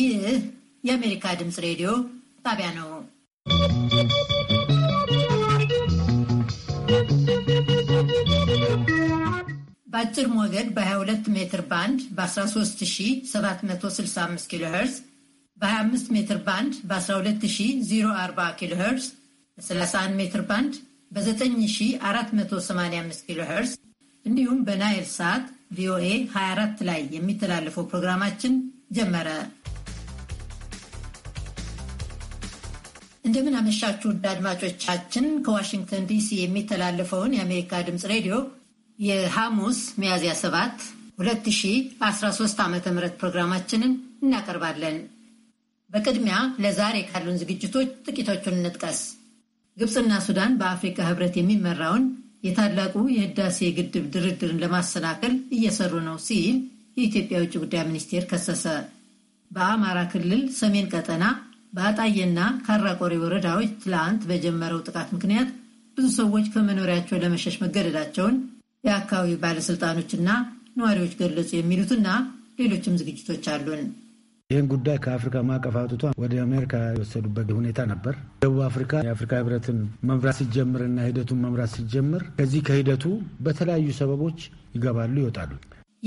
ይህ የአሜሪካ ድምፅ ሬዲዮ ጣቢያ ነው። በአጭር ሞገድ በ22 ሜትር ባንድ በ13765 ኪሎ ሄርዝ በ25 ሜትር ባንድ በ12040 ኪሎ ሄርዝ በ31 ሜትር ባንድ በ9485 ኪሎ ሄርዝ እንዲሁም በናይል ሳት ቪኦኤ 24 ላይ የሚተላለፈው ፕሮግራማችን ጀመረ። እንደምን አመሻችሁ ውድ አድማጮቻችን። ከዋሽንግተን ዲሲ የሚተላለፈውን የአሜሪካ ድምፅ ሬዲዮ የሐሙስ ሚያዝያ 7 2013 ዓ ም ፕሮግራማችንን እናቀርባለን። በቅድሚያ ለዛሬ ካሉን ዝግጅቶች ጥቂቶቹን እንጥቀስ። ግብፅና ሱዳን በአፍሪካ ህብረት የሚመራውን የታላቁ የህዳሴ ግድብ ድርድርን ለማሰናከል እየሰሩ ነው ሲል የኢትዮጵያ የውጭ ጉዳይ ሚኒስቴር ከሰሰ። በአማራ ክልል ሰሜን ቀጠና በአጣዬና ካራቆሬ ወረዳዎች ትላንት በጀመረው ጥቃት ምክንያት ብዙ ሰዎች ከመኖሪያቸው ለመሸሽ መገደዳቸውን የአካባቢው ባለስልጣኖችና ነዋሪዎች ገለጹ። የሚሉትና ሌሎችም ዝግጅቶች አሉን። ይህን ጉዳይ ከአፍሪካ ማዕቀፍ አውጥቷ ወደ አሜሪካ የወሰዱበት ሁኔታ ነበር። ደቡብ አፍሪካ የአፍሪካ ህብረትን መምራት እና ሂደቱን መምራት ሲጀምር ከዚህ ከሂደቱ በተለያዩ ሰበቦች ይገባሉ፣ ይወጣሉ።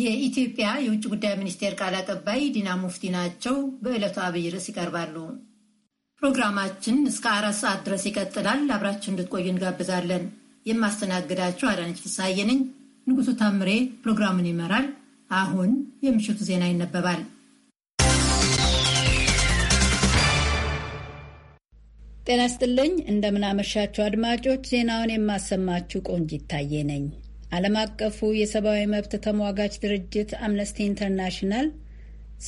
የኢትዮጵያ የውጭ ጉዳይ ሚኒስቴር ቃል አቀባይ ዲና ሙፍቲ ናቸው። በዕለቱ አብይ ርዕስ ይቀርባሉ። ፕሮግራማችን እስከ አራት ሰዓት ድረስ ይቀጥላል። አብራችሁ እንድትቆዩ እንጋብዛለን። የማስተናግዳችሁ አዳነች ፍስሐዬ ነኝ። ንጉሱ ታምሬ ፕሮግራሙን ይመራል። አሁን የምሽቱ ዜና ይነበባል። ጤና ይስጥልኝ። እንደምናመሻችሁ አድማጮች፣ ዜናውን የማሰማችሁ ቆንጅ ይታየ ነኝ። ዓለም አቀፉ የሰብአዊ መብት ተሟጋች ድርጅት አምነስቲ ኢንተርናሽናል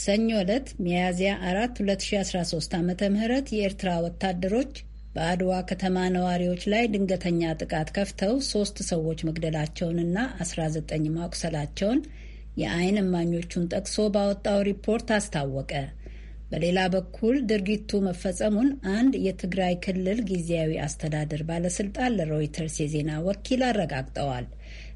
ሰኞ ዕለት ሚያዝያ 4 2013 ዓ ም የኤርትራ ወታደሮች በአድዋ ከተማ ነዋሪዎች ላይ ድንገተኛ ጥቃት ከፍተው ሶስት ሰዎች መግደላቸውንና 19 ማቁሰላቸውን የአይን እማኞቹን ጠቅሶ ባወጣው ሪፖርት አስታወቀ። በሌላ በኩል ድርጊቱ መፈጸሙን አንድ የትግራይ ክልል ጊዜያዊ አስተዳደር ባለስልጣን ለሮይተርስ የዜና ወኪል አረጋግጠዋል።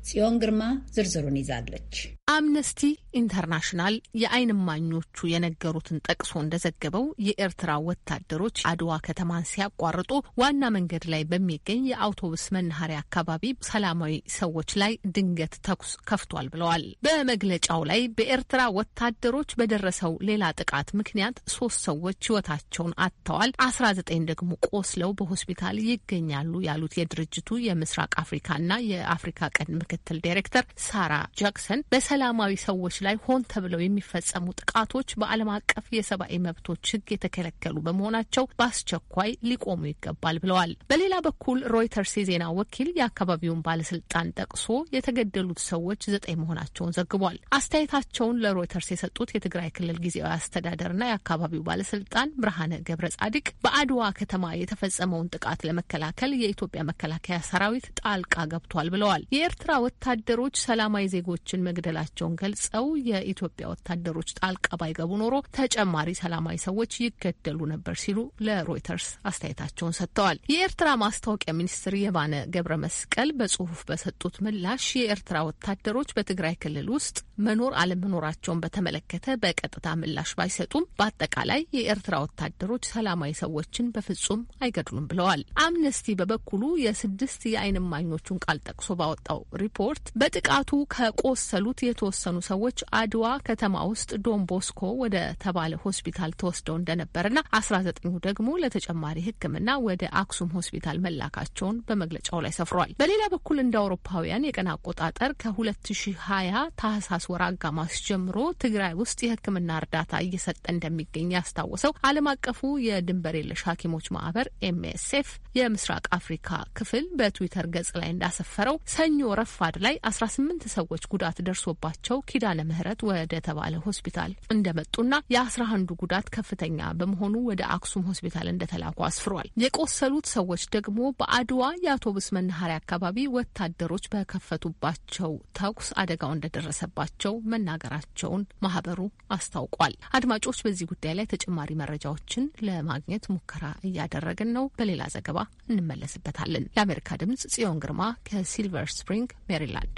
ጽዮን ግርማ ዝርዝሩን ይዛለች። አምነስቲ ኢንተርናሽናል የአይን እማኞቹ የነገሩትን ጠቅሶ እንደዘገበው የኤርትራ ወታደሮች አድዋ ከተማን ሲያቋርጡ ዋና መንገድ ላይ በሚገኝ የአውቶቡስ መናኸሪያ አካባቢ ሰላማዊ ሰዎች ላይ ድንገት ተኩስ ከፍቷል ብለዋል። በመግለጫው ላይ በኤርትራ ወታደሮች በደረሰው ሌላ ጥቃት ምክንያት ሶስት ሰዎች ሕይወታቸውን አጥተዋል፣ አስራ ዘጠኝ ደግሞ ቆስለው በሆስፒታል ይገኛሉ ያሉት የድርጅቱ የምስራቅ አፍሪካና የአፍሪካ ቀንድ ምክትል ዳይሬክተር ሳራ ጃክሰን ሰላማዊ ሰዎች ላይ ሆን ተብለው የሚፈጸሙ ጥቃቶች በዓለም አቀፍ የሰብአዊ መብቶች ሕግ የተከለከሉ በመሆናቸው በአስቸኳይ ሊቆሙ ይገባል ብለዋል። በሌላ በኩል ሮይተርስ የዜና ወኪል የአካባቢውን ባለስልጣን ጠቅሶ የተገደሉት ሰዎች ዘጠኝ መሆናቸውን ዘግቧል። አስተያየታቸውን ለሮይተርስ የሰጡት የትግራይ ክልል ጊዜያዊ አስተዳደርና የአካባቢው ባለስልጣን ብርሃነ ገብረ ጻድቅ በአድዋ ከተማ የተፈጸመውን ጥቃት ለመከላከል የኢትዮጵያ መከላከያ ሰራዊት ጣልቃ ገብቷል ብለዋል። የኤርትራ ወታደሮች ሰላማዊ ዜጎችን መግደላቸው ስጋታቸውን ገልጸው የኢትዮጵያ ወታደሮች ጣልቃ ባይገቡ ኖሮ ተጨማሪ ሰላማዊ ሰዎች ይገደሉ ነበር ሲሉ ለሮይተርስ አስተያየታቸውን ሰጥተዋል። የኤርትራ ማስታወቂያ ሚኒስትር የባነ ገብረ መስቀል በጽሁፍ በሰጡት ምላሽ የኤርትራ ወታደሮች በትግራይ ክልል ውስጥ መኖር አለመኖራቸውን በተመለከተ በቀጥታ ምላሽ ባይሰጡም በአጠቃላይ የኤርትራ ወታደሮች ሰላማዊ ሰዎችን በፍጹም አይገድሉም ብለዋል። አምነስቲ በበኩሉ የስድስት የአይን እማኞቹን ቃል ጠቅሶ ባወጣው ሪፖርት በጥቃቱ ከቆሰሉት የ የተወሰኑ ሰዎች አድዋ ከተማ ውስጥ ዶንቦስኮ ወደ ተባለ ሆስፒታል ተወስደው እንደነበርና አስራ ዘጠኙ ደግሞ ለተጨማሪ ሕክምና ወደ አክሱም ሆስፒታል መላካቸውን በመግለጫው ላይ ሰፍሯል። በሌላ በኩል እንደ አውሮፓውያን የቀን አቆጣጠር ከ2020 ታህሳስ ወር አጋማሽ ጀምሮ ትግራይ ውስጥ የሕክምና እርዳታ እየሰጠ እንደሚገኝ ያስታወሰው ዓለም አቀፉ የድንበር የለሽ ሐኪሞች ማህበር ኤምኤስኤፍ የምስራቅ አፍሪካ ክፍል በትዊተር ገጽ ላይ እንዳሰፈረው ሰኞ ረፋድ ላይ 18 ሰዎች ጉዳት ደርሶ ደርሶባቸው ኪዳነ ምህረት ወደ ተባለ ሆስፒታል እንደመጡና የአስራ አንዱ ጉዳት ከፍተኛ በመሆኑ ወደ አክሱም ሆስፒታል እንደተላኩ አስፍሯል። የቆሰሉት ሰዎች ደግሞ በአድዋ የአውቶቡስ መናኸሪያ አካባቢ ወታደሮች በከፈቱባቸው ተኩስ አደጋው እንደደረሰባቸው መናገራቸውን ማህበሩ አስታውቋል። አድማጮች፣ በዚህ ጉዳይ ላይ ተጨማሪ መረጃዎችን ለማግኘት ሙከራ እያደረግን ነው። በሌላ ዘገባ እንመለስበታለን። ለአሜሪካ ድምጽ ጽዮን ግርማ ከሲልቨር ስፕሪንግ ሜሪላንድ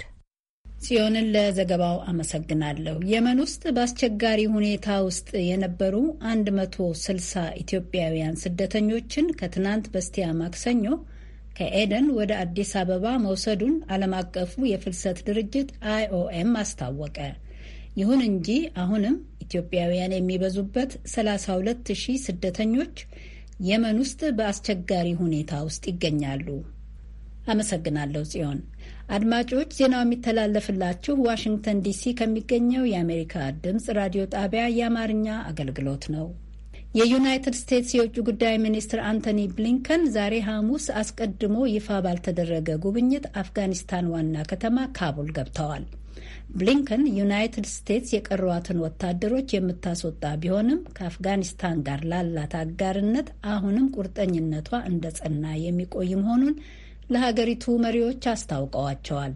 ጽዮንን ለዘገባው አመሰግናለሁ። የመን ውስጥ በአስቸጋሪ ሁኔታ ውስጥ የነበሩ 160 ኢትዮጵያውያን ስደተኞችን ከትናንት በስቲያ ማክሰኞ ከኤደን ወደ አዲስ አበባ መውሰዱን ዓለም አቀፉ የፍልሰት ድርጅት አይኦኤም አስታወቀ። ይሁን እንጂ አሁንም ኢትዮጵያውያን የሚበዙበት 32 ሺህ ስደተኞች የመን ውስጥ በአስቸጋሪ ሁኔታ ውስጥ ይገኛሉ። አመሰግናለሁ ጽዮን። አድማጮች ዜናው የሚተላለፍላችሁ ዋሽንግተን ዲሲ ከሚገኘው የአሜሪካ ድምፅ ራዲዮ ጣቢያ የአማርኛ አገልግሎት ነው። የዩናይትድ ስቴትስ የውጭ ጉዳይ ሚኒስትር አንቶኒ ብሊንከን ዛሬ ሐሙስ አስቀድሞ ይፋ ባልተደረገ ጉብኝት አፍጋኒስታን ዋና ከተማ ካቡል ገብተዋል። ብሊንከን ዩናይትድ ስቴትስ የቀሯትን ወታደሮች የምታስወጣ ቢሆንም ከአፍጋኒስታን ጋር ላላት አጋርነት አሁንም ቁርጠኝነቷ እንደጸና የሚቆይ መሆኑን ለሀገሪቱ መሪዎች አስታውቀዋቸዋል።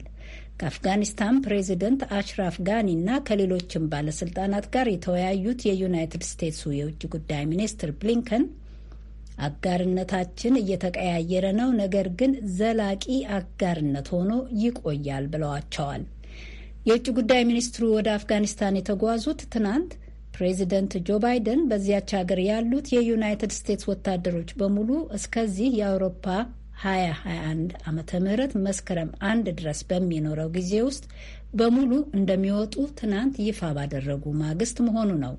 ከአፍጋኒስታን ፕሬዚደንት አሽራፍ ጋኒ እና ከሌሎችም ባለስልጣናት ጋር የተወያዩት የዩናይትድ ስቴትሱ የውጭ ጉዳይ ሚኒስትር ብሊንከን አጋርነታችን እየተቀያየረ ነው፣ ነገር ግን ዘላቂ አጋርነት ሆኖ ይቆያል ብለዋቸዋል። የውጭ ጉዳይ ሚኒስትሩ ወደ አፍጋኒስታን የተጓዙት ትናንት ፕሬዚደንት ጆ ባይደን በዚያች ሀገር ያሉት የዩናይትድ ስቴትስ ወታደሮች በሙሉ እስከዚህ የአውሮፓ 2021 ዓ ም መስከረም አንድ ድረስ በሚኖረው ጊዜ ውስጥ በሙሉ እንደሚወጡ ትናንት ይፋ ባደረጉ ማግስት መሆኑ ነው።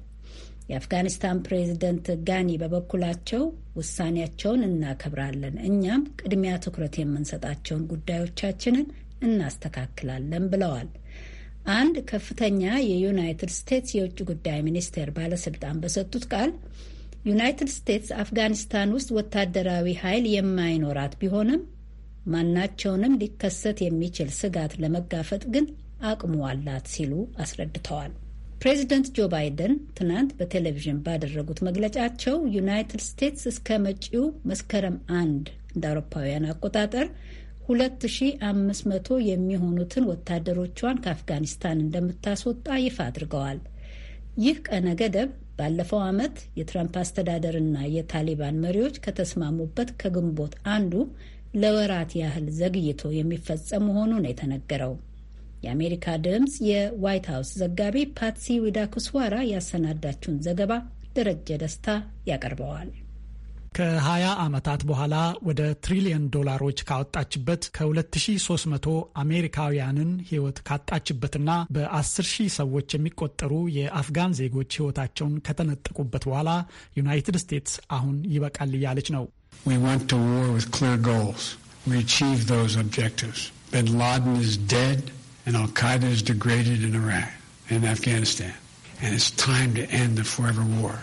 የአፍጋኒስታን ፕሬዚደንት ጋኒ በበኩላቸው ውሳኔያቸውን እናከብራለን፣ እኛም ቅድሚያ ትኩረት የምንሰጣቸውን ጉዳዮቻችንን እናስተካክላለን ብለዋል። አንድ ከፍተኛ የዩናይትድ ስቴትስ የውጭ ጉዳይ ሚኒስቴር ባለስልጣን በሰጡት ቃል ዩናይትድ ስቴትስ አፍጋኒስታን ውስጥ ወታደራዊ ኃይል የማይኖራት ቢሆንም ማናቸውንም ሊከሰት የሚችል ስጋት ለመጋፈጥ ግን አቅሙ አላት ሲሉ አስረድተዋል። ፕሬዚደንት ጆ ባይደን ትናንት በቴሌቪዥን ባደረጉት መግለጫቸው ዩናይትድ ስቴትስ እስከ መጪው መስከረም አንድ እንደ አውሮፓውያን አቆጣጠር 2500 የሚሆኑትን ወታደሮቿን ከአፍጋኒስታን እንደምታስወጣ ይፋ አድርገዋል። ይህ ቀነ ገደብ ባለፈው ዓመት የትራምፕ አስተዳደርና የታሊባን መሪዎች ከተስማሙበት ከግንቦት አንዱ ለወራት ያህል ዘግይቶ የሚፈጸም መሆኑ ነው የተነገረው። የአሜሪካ ድምፅ የዋይት ሀውስ ዘጋቢ ፓትሲ ዊዳኩስዋራ ያሰናዳችውን ዘገባ ደረጀ ደስታ ያቀርበዋል። ከ20 ዓመታት በኋላ ወደ ትሪሊየን ዶላሮች ካወጣችበት ከ2300 አሜሪካውያንን ሕይወት ካጣችበትና በ10 ሺህ ሰዎች የሚቆጠሩ የአፍጋን ዜጎች ሕይወታቸውን ከተነጠቁበት በኋላ ዩናይትድ ስቴትስ አሁን ይበቃል እያለች ነው። ቢን ላደን is dead and al-Qaeda is degraded in Iraq and Afghanistan. And it's time to end the forever war.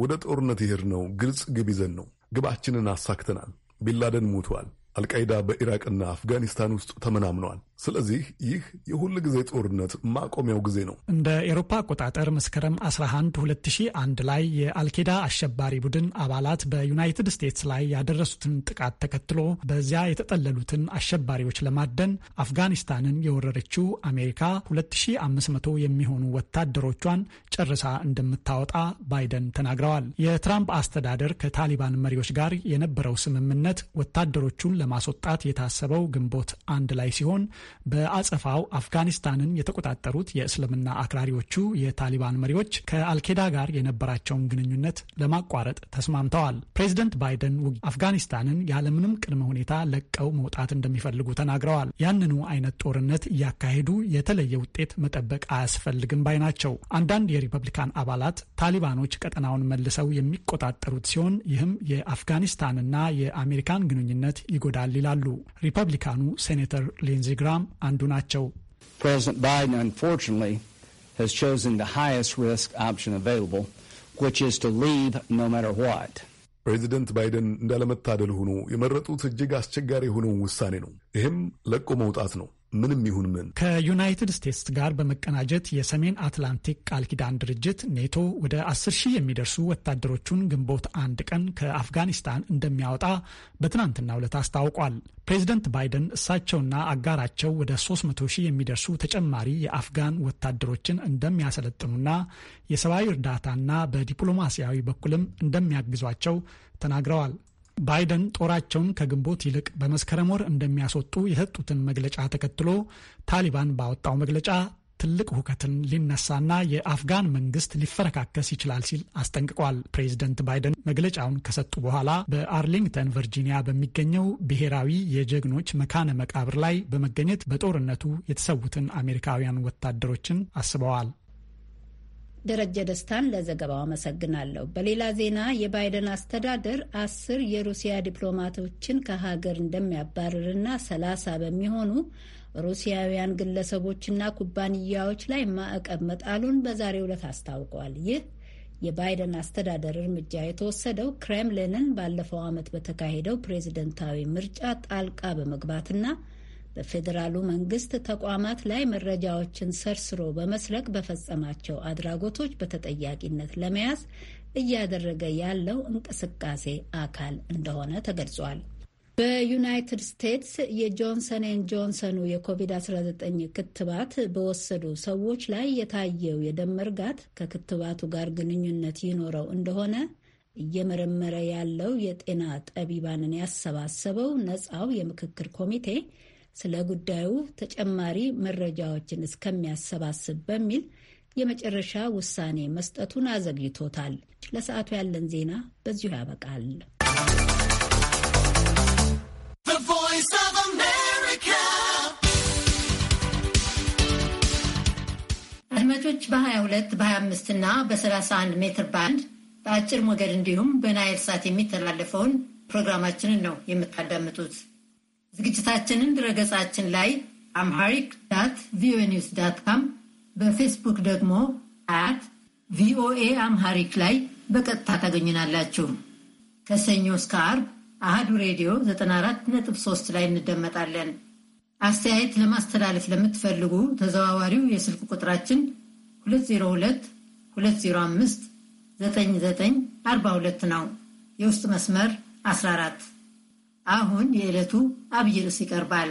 ወደ ጦርነት ይሄድ ነው ግልጽ ግብ ይዘን ነው። ግባችንን አሳክተናል። ቢንላደን ሞቷል። አልቃይዳ በኢራቅና አፍጋኒስታን ውስጥ ተመናምነዋል። ስለዚህ ይህ የሁል ጊዜ ጦርነት ማቆሚያው ጊዜ ነው። እንደ ኤሮፓ አቆጣጠር መስከረም 11 2001 ላይ የአልኬዳ አሸባሪ ቡድን አባላት በዩናይትድ ስቴትስ ላይ ያደረሱትን ጥቃት ተከትሎ በዚያ የተጠለሉትን አሸባሪዎች ለማደን አፍጋኒስታንን የወረረችው አሜሪካ 2500 የሚሆኑ ወታደሮቿን ጨርሳ እንደምታወጣ ባይደን ተናግረዋል። የትራምፕ አስተዳደር ከታሊባን መሪዎች ጋር የነበረው ስምምነት ወታደሮቹን ለማስወጣት የታሰበው ግንቦት አንድ ላይ ሲሆን በአጸፋው አፍጋኒስታንን የተቆጣጠሩት የእስልምና አክራሪዎቹ የታሊባን መሪዎች ከአልኬዳ ጋር የነበራቸውን ግንኙነት ለማቋረጥ ተስማምተዋል። ፕሬዚደንት ባይደን አፍጋኒስታንን ያለምንም ቅድመ ሁኔታ ለቀው መውጣት እንደሚፈልጉ ተናግረዋል። ያንኑ አይነት ጦርነት እያካሄዱ የተለየ ውጤት መጠበቅ አያስፈልግም ባይ ናቸው። አንዳንድ የሪፐብሊካን አባላት ታሊባኖች ቀጠናውን መልሰው የሚቆጣጠሩት ሲሆን ይህም የአፍጋኒስታንና የአሜሪካን ግንኙነት ይጎዳል ይላሉ። ሪፐብሊካኑ ሴኔተር ሊንዚ ግራም ፕሮግራም አንዱ ናቸው። ፕሬዚደንት ባይደን አንፎርቹኔትሊ has chosen the highest risk option available, which is to leave no matter what. ፕሬዚደንት ባይደን እንዳለመታደል ሆኖ የመረጡት እጅግ አስቸጋሪ የሆነውን ውሳኔ ነው። ይህም ለቆ መውጣት ነው። ምንም ይሁን ምን ከዩናይትድ ስቴትስ ጋር በመቀናጀት የሰሜን አትላንቲክ ቃል ኪዳን ድርጅት ኔቶ ወደ አስር ሺህ የሚደርሱ ወታደሮቹን ግንቦት አንድ ቀን ከአፍጋኒስታን እንደሚያወጣ በትናንትናው ዕለት አስታውቋል። ፕሬዚደንት ባይደን እሳቸውና አጋራቸው ወደ 300 ሺህ የሚደርሱ ተጨማሪ የአፍጋን ወታደሮችን እንደሚያሰለጥኑና የሰብአዊ እርዳታና በዲፕሎማሲያዊ በኩልም እንደሚያግዟቸው ተናግረዋል። ባይደን ጦራቸውን ከግንቦት ይልቅ በመስከረም ወር እንደሚያስወጡ የሰጡትን መግለጫ ተከትሎ ታሊባን ባወጣው መግለጫ ትልቅ ሁከትን ሊነሳና የአፍጋን መንግስት ሊፈረካከስ ይችላል ሲል አስጠንቅቋል። ፕሬዚደንት ባይደን መግለጫውን ከሰጡ በኋላ በአርሊንግተን ቨርጂኒያ በሚገኘው ብሔራዊ የጀግኖች መካነ መቃብር ላይ በመገኘት በጦርነቱ የተሰዉትን አሜሪካውያን ወታደሮችን አስበዋል። ደረጀ ደስታን ለዘገባው አመሰግናለሁ። በሌላ ዜና የባይደን አስተዳደር አስር የሩሲያ ዲፕሎማቶችን ከሀገር እንደሚያባርርና ሰላሳ በሚሆኑ ሩሲያውያን ግለሰቦችና ኩባንያዎች ላይ ማዕቀብ መጣሉን በዛሬው ዕለት አስታውቋል። ይህ የባይደን አስተዳደር እርምጃ የተወሰደው ክሬምሊንን ባለፈው ዓመት በተካሄደው ፕሬዝደንታዊ ምርጫ ጣልቃ በመግባትና በፌዴራሉ መንግስት ተቋማት ላይ መረጃዎችን ሰርስሮ በመስረቅ በፈጸማቸው አድራጎቶች በተጠያቂነት ለመያዝ እያደረገ ያለው እንቅስቃሴ አካል እንደሆነ ተገልጿል። በዩናይትድ ስቴትስ የጆንሰን ኤን ጆንሰኑ የኮቪድ-19 ክትባት በወሰዱ ሰዎች ላይ የታየው የደም መርጋት ከክትባቱ ጋር ግንኙነት ይኖረው እንደሆነ እየመረመረ ያለው የጤና ጠቢባንን ያሰባሰበው ነፃው የምክክር ኮሚቴ ስለ ጉዳዩ ተጨማሪ መረጃዎችን እስከሚያሰባስብ በሚል የመጨረሻ ውሳኔ መስጠቱን አዘግይቶታል። ለሰዓቱ ያለን ዜና በዚሁ ያበቃል። አድማጮች በ22 በ25 እና በ31 ሜትር ባንድ በአጭር ሞገድ እንዲሁም በናይል ሳት የሚተላለፈውን ፕሮግራማችንን ነው የምታዳምጡት። ዝግጅታችንን ድረገጻችን ላይ አምሃሪክ ዳት ቪኦኤ ኒውስ ዳት ካም በፌስቡክ ደግሞ አት ቪኦኤ አምሃሪክ ላይ በቀጥታ ታገኝናላችሁ። ከሰኞ እስከ ዓርብ አህዱ ሬዲዮ 94.3 ላይ እንደመጣለን። አስተያየት ለማስተላለፍ ለምትፈልጉ ተዘዋዋሪው የስልክ ቁጥራችን 202 205 9942 ነው። የውስጥ መስመር 14 አሁን የዕለቱ አብይ ርዕስ ይቀርባል።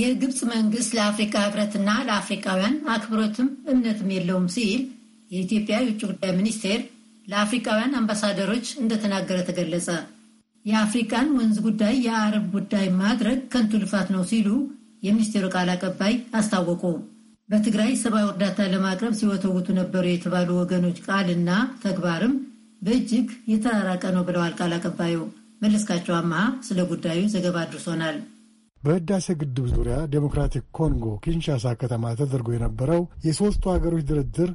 የግብፅ መንግስት ለአፍሪካ ህብረትና ለአፍሪካውያን አክብሮትም እምነትም የለውም ሲል የኢትዮጵያ የውጭ ጉዳይ ሚኒስቴር ለአፍሪካውያን አምባሳደሮች እንደተናገረ ተገለጸ። የአፍሪካን ወንዝ ጉዳይ የአረብ ጉዳይ ማድረግ ከንቱ ልፋት ነው ሲሉ የሚኒስቴሩ ቃል አቀባይ አስታወቁ። በትግራይ ሰብአዊ እርዳታ ለማቅረብ ሲወተውቱ ነበሩ የተባሉ ወገኖች ቃልና ተግባርም በእጅግ የተራራቀ ነው ብለዋል ቃል አቀባዩ። መለስካቸው አመሃ ስለ ጉዳዩ ዘገባ አድርሶናል። በህዳሴ ግድብ ዙሪያ ዴሞክራቲክ ኮንጎ ኪንሻሳ ከተማ ተደርጎ የነበረው የሦስቱ አገሮች ድርድር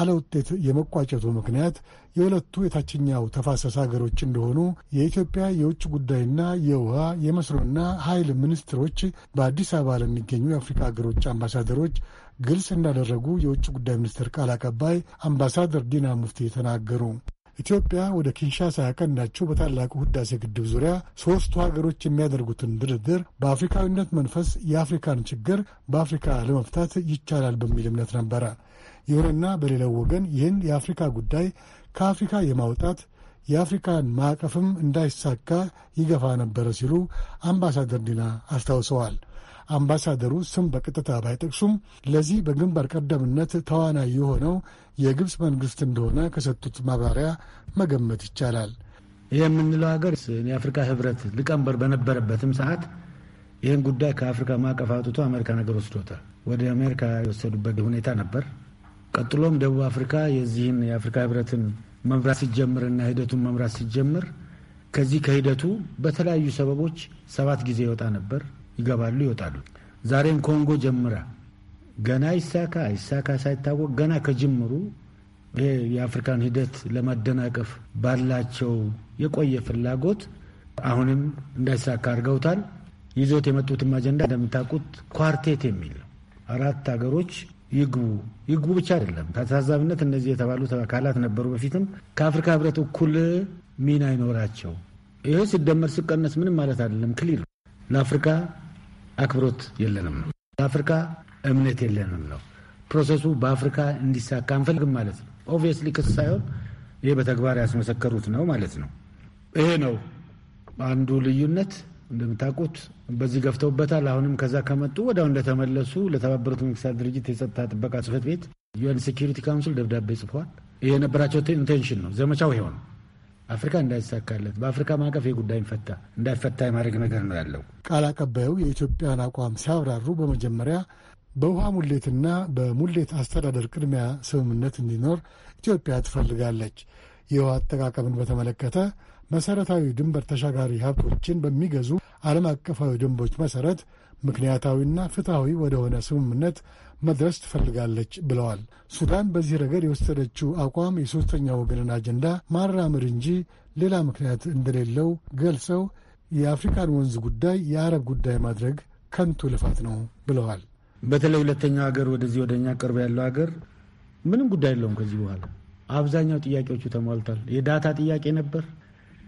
አለ ውጤት የመቋጨቱ ምክንያት የሁለቱ የታችኛው ተፋሰስ ሀገሮች እንደሆኑ የኢትዮጵያ የውጭ ጉዳይና የውሃ የመስኖና ኃይል ሚኒስትሮች በአዲስ አበባ ለሚገኙ የአፍሪካ ሀገሮች አምባሳደሮች ግልጽ እንዳደረጉ የውጭ ጉዳይ ሚኒስትር ቃል አቀባይ አምባሳደር ዲና ሙፍቲ ተናገሩ። ኢትዮጵያ ወደ ኪንሻሳ ያቀናችው በታላቁ ህዳሴ ግድብ ዙሪያ ሦስቱ ሀገሮች የሚያደርጉትን ድርድር በአፍሪካዊነት መንፈስ የአፍሪካን ችግር በአፍሪካ ለመፍታት ይቻላል በሚል እምነት ነበረ። ይሁንና በሌላው ወገን ይህን የአፍሪካ ጉዳይ ከአፍሪካ የማውጣት የአፍሪካን ማዕቀፍም እንዳይሳካ ይገፋ ነበረ ሲሉ አምባሳደር ዲና አስታውሰዋል። አምባሳደሩ ስም በቀጥታ ባይጠቅሱም ለዚህ በግንባር ቀደምነት ተዋናይ የሆነው የግብፅ መንግስት እንደሆነ ከሰጡት ማብራሪያ መገመት ይቻላል። ይህ የምንለው ሀገር የአፍሪካ ህብረት ሊቀመንበር በነበረበትም ሰዓት ይህን ጉዳይ ከአፍሪካ ማዕቀፍ አውጥቶ አሜሪካ ነገር ወስዶታል። ወደ አሜሪካ የወሰዱበት ሁኔታ ነበር። ቀጥሎም ደቡብ አፍሪካ የዚህን የአፍሪካ ህብረትን መምራት እና ሂደቱን መምራት ሲጀምር ከዚህ ከሂደቱ በተለያዩ ሰበቦች ሰባት ጊዜ ይወጣ ነበር። ይገባሉ፣ ይወጣሉ። ዛሬም ኮንጎ ጀምራ ገና ይሳካ ይሳካ ሳይታወቅ ገና ከጅምሩ ይሄ የአፍሪካን ሂደት ለማደናቀፍ ባላቸው የቆየ ፍላጎት አሁንም እንዳይሳካ አድርገውታል። ይዞት የመጡትም አጀንዳ እንደምታውቁት ኳርቴት የሚል ነው። አራት ሀገሮች ይግቡ ይግቡ ብቻ አይደለም። ከታዛቢነት እነዚህ የተባሉት አካላት ነበሩ። በፊትም ከአፍሪካ ህብረት እኩል ሚና አይኖራቸው። ይህ ሲደመር ሲቀነስ ምንም ማለት አይደለም። ክሊር ለአፍሪካ አክብሮት የለንም ነው። ለአፍሪካ እምነት የለንም ነው። ፕሮሰሱ በአፍሪካ እንዲሳካ አንፈልግም ማለት ነው። ኦብቪየስሊ ክስ ሳይሆን ይህ በተግባር ያስመሰከሩት ነው ማለት ነው። ይሄ ነው አንዱ ልዩነት። እንደምታውቁት በዚህ ገፍተውበታል። አሁንም ከዛ ከመጡ ወዲያው እንደተመለሱ ለተባበሩት መንግስታት ድርጅት የጸጥታ ጥበቃ ጽህፈት ቤት ዩኤን ሴኪሪቲ ካውንስል ደብዳቤ ጽፏል። ይሄ የነበራቸው ኢንቴንሽን ነው። ዘመቻው ይሄው ነው። አፍሪካ እንዳይሳካለት በአፍሪካ ማዕቀፍ የጉዳይ ፈታ እንዳይፈታ የማድረግ ነገር ነው ያለው። ቃል አቀባዩ የኢትዮጵያን አቋም ሲያብራሩ በመጀመሪያ በውሃ ሙሌትና በሙሌት አስተዳደር ቅድሚያ ስምምነት እንዲኖር ኢትዮጵያ ትፈልጋለች። የውሃ አጠቃቀምን በተመለከተ መሰረታዊ ድንበር ተሻጋሪ ሀብቶችን በሚገዙ ዓለም አቀፋዊ ደንቦች መሰረት ምክንያታዊና ፍትሐዊ ወደሆነ ስምምነት መድረስ ትፈልጋለች ብለዋል። ሱዳን በዚህ ረገድ የወሰደችው አቋም የሦስተኛ ወገንን አጀንዳ ማራመድ እንጂ ሌላ ምክንያት እንደሌለው ገልጸው የአፍሪካን ወንዝ ጉዳይ የአረብ ጉዳይ ማድረግ ከንቱ ልፋት ነው ብለዋል። በተለይ ሁለተኛው ሀገር ወደዚህ ወደ እኛ ቅርብ ያለው ሀገር ምንም ጉዳይ የለውም። ከዚህ በኋላ አብዛኛው ጥያቄዎቹ ተሟልቷል። የዳታ ጥያቄ ነበር፣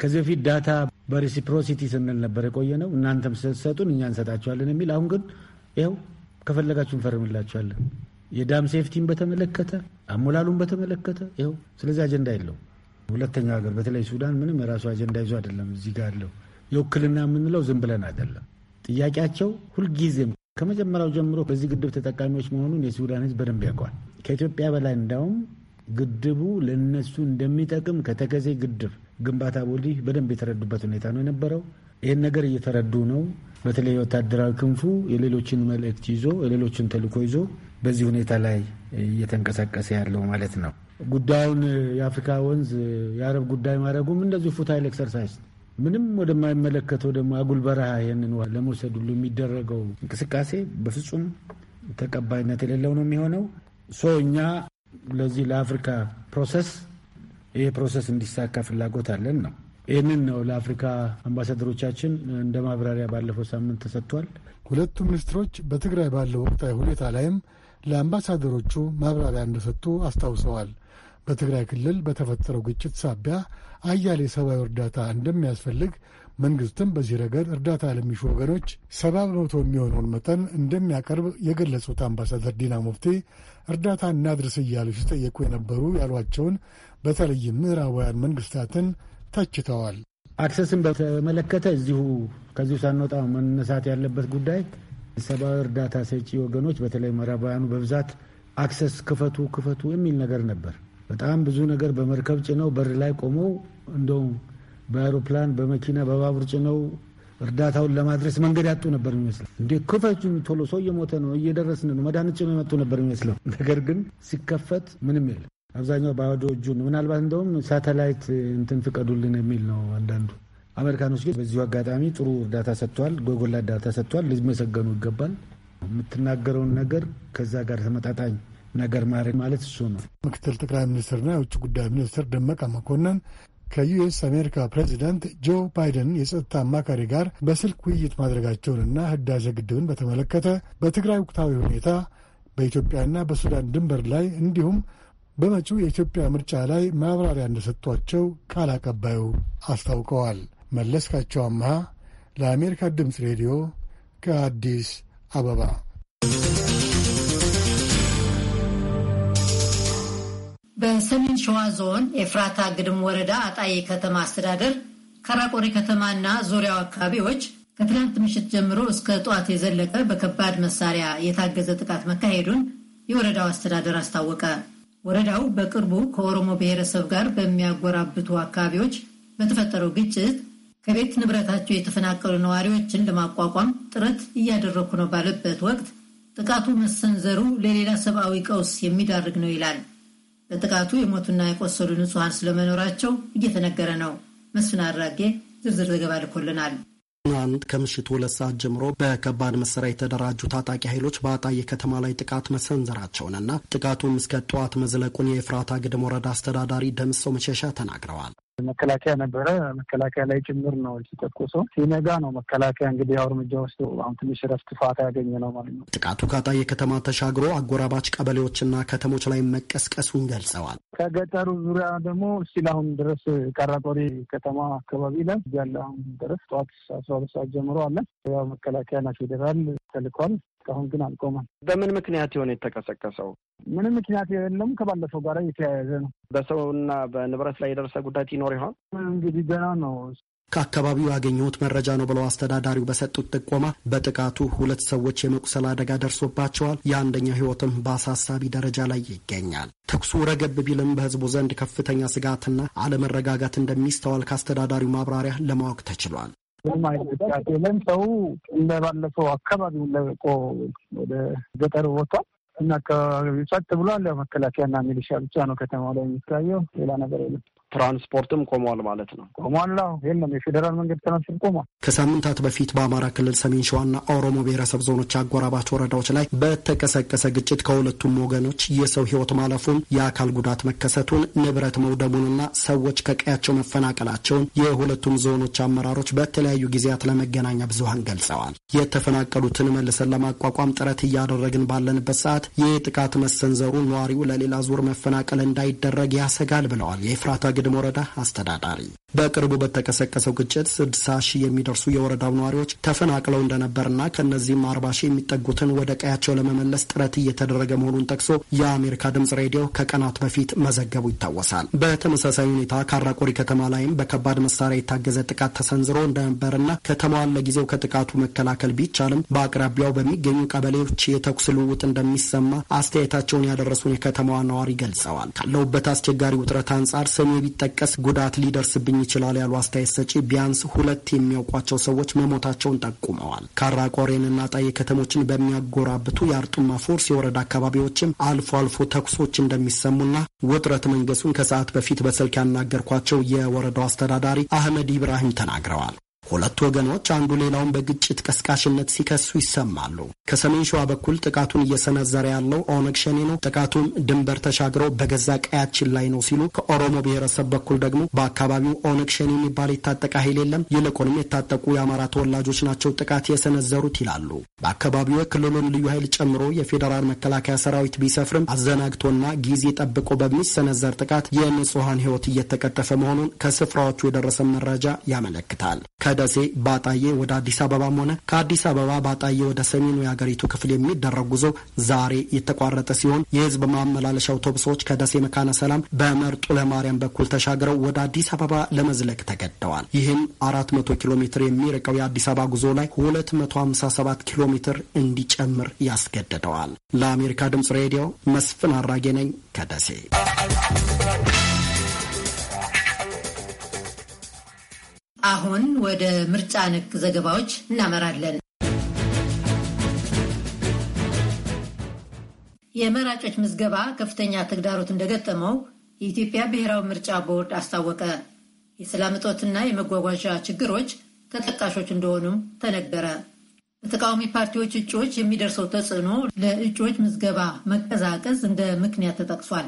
ከዚህ በፊት ዳታ በሪሲፕሮሲቲ ስንል ነበር የቆየ ነው። እናንተም ስትሰጡን እኛ እንሰጣቸዋለን የሚል አሁን ግን ይኸው ከፈለጋችሁ እንፈርምላቸዋለን። የዳም ሴፍቲን በተመለከተ አሞላሉን በተመለከተ ይኸው። ስለዚህ አጀንዳ የለው። ሁለተኛው ሀገር በተለይ ሱዳን ምንም የራሱ አጀንዳ ይዞ አይደለም እዚህ ጋር ያለው የውክልና የምንለው ዝም ብለን አይደለም። ጥያቄያቸው ሁልጊዜም ከመጀመሪያው ጀምሮ በዚህ ግድብ ተጠቃሚዎች መሆኑን የሱዳን ሕዝብ በደንብ ያውቀዋል። ከኢትዮጵያ በላይ እንዳውም ግድቡ ለነሱ እንደሚጠቅም ከተከዜ ግድብ ግንባታ ወዲህ በደንብ የተረዱበት ሁኔታ ነው የነበረው። ይህን ነገር እየተረዱ ነው። በተለይ ወታደራዊ ክንፉ የሌሎችን መልእክት ይዞ የሌሎችን ተልዕኮ ይዞ በዚህ ሁኔታ ላይ እየተንቀሳቀሰ ያለው ማለት ነው። ጉዳዩን የአፍሪካ ወንዝ የአረብ ጉዳይ ማድረጉም እንደዚሁ ፉታይል ኤክሰርሳይዝ ምንም ወደማይመለከተው ደግሞ አጉል በረሃ ይህንን ለመውሰድ ሁሉ የሚደረገው እንቅስቃሴ በፍጹም ተቀባይነት የሌለው ነው የሚሆነው። ሶ እኛ ለዚህ ለአፍሪካ ፕሮሰስ ይሄ ፕሮሰስ እንዲሳካ ፍላጎት አለን ነው። ይህንን ነው ለአፍሪካ አምባሳደሮቻችን እንደ ማብራሪያ ባለፈው ሳምንት ተሰጥቷል። ሁለቱ ሚኒስትሮች በትግራይ ባለው ወቅታዊ ሁኔታ ላይም ለአምባሳደሮቹ ማብራሪያ እንደሰጡ አስታውሰዋል። በትግራይ ክልል በተፈጠረው ግጭት ሳቢያ አያሌ ሰብአዊ እርዳታ እንደሚያስፈልግ መንግስትም በዚህ ረገድ እርዳታ ለሚሹ ወገኖች ሰባ በመቶ የሚሆነውን መጠን እንደሚያቀርብ የገለጹት አምባሳደር ዲና ሙፍቲ እርዳታ እናድርስ እያሉ ሲጠየቁ የነበሩ ያሏቸውን በተለይም ምዕራባውያን መንግስታትን ተችተዋል። አክሰስን በተመለከተ እዚሁ ከዚሁ ሳንወጣ መነሳት ያለበት ጉዳይ ሰብአዊ እርዳታ ሰጪ ወገኖች በተለይ ምዕራባውያኑ በብዛት አክሰስ ክፈቱ ክፈቱ የሚል ነገር ነበር። በጣም ብዙ ነገር በመርከብ ጭነው በር ላይ ቆመው እንደውም በአይሮፕላን በመኪና በባቡር ጭነው እርዳታውን ለማድረስ መንገድ ያጡ ነበር የሚመስለው። እንዴ ክፈቱኝ ቶሎ፣ ሰው እየሞተ ነው፣ እየደረስን ነው፣ መድኃኒት ጭነው የመጡ ነበር የሚመስለው። ነገር ግን ሲከፈት ምንም የለም። አብዛኛው ባዶ እጁ ነው። ምናልባት እንደውም ሳተላይት እንትን ፍቀዱልን የሚል ነው አንዳንዱ። አሜሪካኖች ግን በዚሁ አጋጣሚ ጥሩ እርዳታ ሰጥተዋል፣ ጎጎላ እርዳታ ሰጥተዋል። ሊመሰገኑ ይገባል። የምትናገረውን ነገር ከዛ ጋር ተመጣጣኝ ነገር ማድረግ ማለት እሱ ነው። ምክትል ጠቅላይ ሚኒስትርና የውጭ ጉዳይ ሚኒስትር ደመቀ መኮንን ከዩኤስ አሜሪካ ፕሬዚዳንት ጆ ባይደን የጸጥታ አማካሪ ጋር በስልክ ውይይት ማድረጋቸውንና ህዳሴ ግድብን በተመለከተ በትግራይ ወቅታዊ ሁኔታ በኢትዮጵያና በሱዳን ድንበር ላይ እንዲሁም በመጪው የኢትዮጵያ ምርጫ ላይ ማብራሪያ እንደሰጧቸው ቃል አቀባዩ አስታውቀዋል። መለስካቸው አምሃ ለአሜሪካ ድምፅ ሬዲዮ ከአዲስ አበባ በሰሜን ሸዋ ዞን ኤፍራታ ግድም ወረዳ አጣዬ ከተማ አስተዳደር ከራቆሬ ከተማና ዙሪያው አካባቢዎች ከትናንት ምሽት ጀምሮ እስከ ጠዋት የዘለቀ በከባድ መሳሪያ የታገዘ ጥቃት መካሄዱን የወረዳው አስተዳደር አስታወቀ። ወረዳው በቅርቡ ከኦሮሞ ብሔረሰብ ጋር በሚያጎራብቱ አካባቢዎች በተፈጠረው ግጭት ከቤት ንብረታቸው የተፈናቀሉ ነዋሪዎችን ለማቋቋም ጥረት እያደረግኩ ነው ባለበት ወቅት ጥቃቱ መሰንዘሩ ለሌላ ሰብአዊ ቀውስ የሚዳርግ ነው ይላል። በጥቃቱ የሞቱና የቆሰሉ ንጹሐን ስለመኖራቸው እየተነገረ ነው። መስፍን አድራጌ ዝርዝር ዘገባ ልኮልናል። ትናንት ከምሽቱ ሁለት ሰዓት ጀምሮ በከባድ መሳሪያ የተደራጁ ታጣቂ ኃይሎች በአጣዬ ከተማ ላይ ጥቃት መሰንዘራቸውንና ጥቃቱም እስከ ጠዋት መዝለቁን የፍራታ ግድም ወረዳ አስተዳዳሪ ደምሰው መሸሻ ተናግረዋል። መከላከያ ነበረ። መከላከያ ላይ ጭምር ነው የተተኮሰው። ሲነጋ ነው መከላከያ እንግዲህ ያው እርምጃ ወስዶ አሁን ትንሽ ረፍት ፋታ ያገኘ ነው ማለት ነው። ጥቃቱ ካጣየ ከተማ ተሻግሮ አጎራባች ቀበሌዎችና ከተሞች ላይ መቀስቀሱን ገልጸዋል። ከገጠሩ ዙሪያ ደግሞ እስቲል አሁን ድረስ ቀራቆሪ ከተማ አካባቢ ላይ ያለ አሁን ድረስ ጠዋት አስራ ሁለት ሰዓት ጀምሮ አለ ያው መከላከያና ፌዴራል ተልኳል። እስካሁን ግን አልቆመም። በምን ምክንያት ይሆን የተቀሰቀሰው? ምንም ምክንያት የለም። ከባለፈው ጋር የተያያዘ ነው። በሰውና በንብረት ላይ የደረሰ ጉዳት ይኖር ይሆን? እንግዲህ ገና ነው ከአካባቢው ያገኘሁት መረጃ ነው ብለው አስተዳዳሪው በሰጡት ጥቆማ በጥቃቱ ሁለት ሰዎች የመቁሰል አደጋ ደርሶባቸዋል። የአንደኛው ሕይወትም በአሳሳቢ ደረጃ ላይ ይገኛል። ተኩሱ ረገብ ቢልም በሕዝቡ ዘንድ ከፍተኛ ስጋትና አለመረጋጋት እንደሚስተዋል ከአስተዳዳሪው ማብራሪያ ለማወቅ ተችሏል። ምንም አይነት እንቅስቃሴ የለም። ሰው እንደባለፈው አካባቢውን ለቆ ወደ ገጠሩ ወጥቷል እና አካባቢው ጸጥ ብሏል። መከላከያና ሚሊሻ ብቻ ነው ከተማው ላይ የሚታየው፣ ሌላ ነገር የለም። ትራንስፖርትም ቆሟል ማለት ነው። ቆሟል፣ የለም የፌዴራል መንገድ ትራንስፖርት ቆሟል። ከሳምንታት በፊት በአማራ ክልል ሰሜን ሸዋና ኦሮሞ ብሔረሰብ ዞኖች አጎራባች ወረዳዎች ላይ በተቀሰቀሰ ግጭት ከሁለቱም ወገኖች የሰው ህይወት ማለፉን፣ የአካል ጉዳት መከሰቱን፣ ንብረት መውደሙንና ሰዎች ከቀያቸው መፈናቀላቸውን የሁለቱም ዞኖች አመራሮች በተለያዩ ጊዜያት ለመገናኛ ብዙሀን ገልጸዋል። የተፈናቀሉትን መልሰን ለማቋቋም ጥረት እያደረግን ባለንበት ሰዓት ይህ ጥቃት መሰንዘሩ ነዋሪው ለሌላ ዙር መፈናቀል እንዳይደረግ ያሰጋል ብለዋል። የኤፍራታ የግድም ወረዳ አስተዳዳሪ በቅርቡ በተቀሰቀሰው ግጭት ስድሳ ሺህ የሚደርሱ የወረዳው ነዋሪዎች ተፈናቅለው እንደነበርና ከእነዚህም አርባ ሺህ የሚጠጉትን ወደ ቀያቸው ለመመለስ ጥረት እየተደረገ መሆኑን ጠቅሶ የአሜሪካ ድምጽ ሬዲዮ ከቀናት በፊት መዘገቡ ይታወሳል። በተመሳሳይ ሁኔታ ካራቆሪ ከተማ ላይም በከባድ መሳሪያ የታገዘ ጥቃት ተሰንዝሮ እንደነበርና ከተማዋን ለጊዜው ከጥቃቱ መከላከል ቢቻልም በአቅራቢያው በሚገኙ ቀበሌዎች የተኩስ ልውውጥ እንደሚሰማ አስተያየታቸውን ያደረሱን የከተማዋ ነዋሪ ገልጸዋል። ካለውበት አስቸጋሪ ውጥረት አንጻር ሰሜ ቢጠቀስ ጉዳት ሊደርስብኝ ይችላል ያሉ አስተያየት ሰጪ ቢያንስ ሁለት የሚያውቋቸው ሰዎች መሞታቸውን ጠቁመዋል። ካራቆሬንና ጣይ ከተሞችን በሚያጎራብቱ የአርጡማ ፎርስ የወረዳ አካባቢዎችም አልፎ አልፎ ተኩሶች እንደሚሰሙና ውጥረት መንገሱን ከሰዓት በፊት በስልክ ያናገርኳቸው የወረዳው አስተዳዳሪ አህመድ ኢብራሂም ተናግረዋል። ሁለቱ ወገኖች አንዱ ሌላውን በግጭት ቀስቃሽነት ሲከሱ ይሰማሉ። ከሰሜን ሸዋ በኩል ጥቃቱን እየሰነዘረ ያለው ኦነግ ሸኔ ነው። ጥቃቱም ድንበር ተሻግሮ በገዛ ቀያችን ላይ ነው ሲሉ፣ ከኦሮሞ ብሔረሰብ በኩል ደግሞ በአካባቢው ኦነግ ሸኔ የሚባል የታጠቀ ኃይል የለም፣ ይልቁንም የታጠቁ የአማራ ተወላጆች ናቸው ጥቃት የሰነዘሩት ይላሉ። በአካባቢው የክልሉን ልዩ ኃይል ጨምሮ የፌዴራል መከላከያ ሰራዊት ቢሰፍርም አዘናግቶና ጊዜ ጠብቆ በሚሰነዘር ጥቃት የንጹሐን ሕይወት እየተቀጠፈ መሆኑን ከስፍራዎቹ የደረሰ መረጃ ያመለክታል። ከደሴ ባጣዬ ወደ አዲስ አበባም ሆነ ከአዲስ አበባ ባጣዬ ወደ ሰሜኑ የሀገሪቱ ክፍል የሚደረግ ጉዞ ዛሬ የተቋረጠ ሲሆን የህዝብ ማመላለሻ አውቶቡሶች ከደሴ መካነ ሰላም በመርጡ ለማርያም በኩል ተሻግረው ወደ አዲስ አበባ ለመዝለቅ ተገደዋል። ይህም 400 ኪሎ ሜትር የሚርቀው የአዲስ አበባ ጉዞ ላይ 257 ኪሎ ሜትር እንዲጨምር ያስገድደዋል። ለአሜሪካ ድምጽ ሬዲዮ መስፍን አራጌ ነኝ ከደሴ። አሁን ወደ ምርጫ ነክ ዘገባዎች እናመራለን። የመራጮች ምዝገባ ከፍተኛ ተግዳሮት እንደገጠመው የኢትዮጵያ ብሔራዊ ምርጫ ቦርድ አስታወቀ። የሰላም እጦትና የመጓጓዣ ችግሮች ተጠቃሾች እንደሆኑም ተነገረ። በተቃዋሚ ፓርቲዎች እጩዎች የሚደርሰው ተጽዕኖ ለእጩዎች ምዝገባ መቀዛቀዝ እንደ ምክንያት ተጠቅሷል።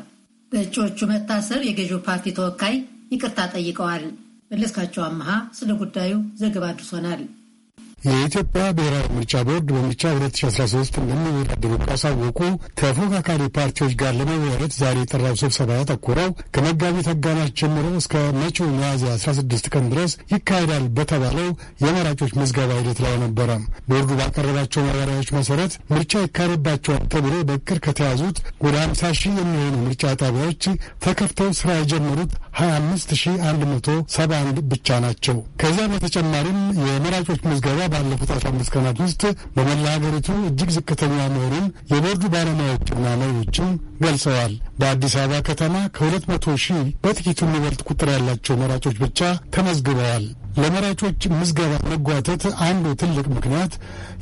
በእጩዎቹ መታሰር የገዢው ፓርቲ ተወካይ ይቅርታ ጠይቀዋል። መለስካቸው አመሃ ስለ ጉዳዩ ዘገባ አድርሶናል። የኢትዮጵያ ብሔራዊ ምርጫ ቦርድ በምርጫ 2013 እንደሚወዳደሩ ካሳወቁ ተፎካካሪ ፓርቲዎች ጋር ለመወያየት ዛሬ የጠራው ስብሰባ ያተኮረው ከመጋቢት አጋማሽ ጀምሮ እስከ መጪው ሚያዝያ 16 ቀን ድረስ ይካሄዳል በተባለው የመራጮች ምዝገባ ሂደት ላይ ነበረ። ቦርዱ ባቀረባቸው ማብራሪያዎች መሰረት ምርጫ ይካሄድባቸዋል ተብሎ በእቅድ ከተያዙት ወደ 50 ሺህ የሚሆኑ ምርጫ ጣቢያዎች ተከፍተው ስራ የጀመሩት 25171 ብቻ ናቸው። ከዚያ በተጨማሪም የመራጮች ምዝገባ ባለፉት አስራ አምስት ቀናት ውስጥ በመላ ሀገሪቱ እጅግ ዝቅተኛ መሆኑን የቦርዱ ባለሙያዎችና መሪዎችም ገልጸዋል። በአዲስ አበባ ከተማ ከሁለት መቶ ሺህ በጥቂቱ የሚበልጥ ቁጥር ያላቸው መራጮች ብቻ ተመዝግበዋል። ለመራጮች ምዝገባ መጓተት አንዱ ትልቅ ምክንያት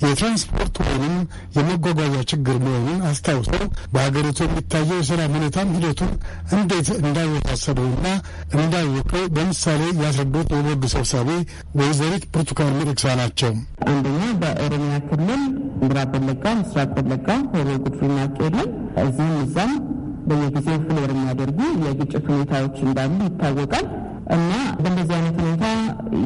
የትራንስፖርት ወይንም የመጓጓዣ ችግር መሆኑን አስታውሰው በሀገሪቱ የሚታየው የሰላም ሁኔታም ሂደቱን እንዴት እንዳወሳሰበውና እንዳወቀው በምሳሌ ያስረዱት የቦርዱ ሰብሳቢ ወይዘሪት ብርቱካን ሚደቅሳ ናቸው። አንደኛ በኦሮሚያ ክልል ምዕራብ ወለጋ፣ ምስራቅ ወለጋ ሆሮ ጉድሩና ቄለም እዚህም እዛም በየጊዜው ፍሎር የሚያደርጉ የግጭት ሁኔታዎች እንዳሉ ይታወቃል እና በእንደዚህ አይነት ሁኔታ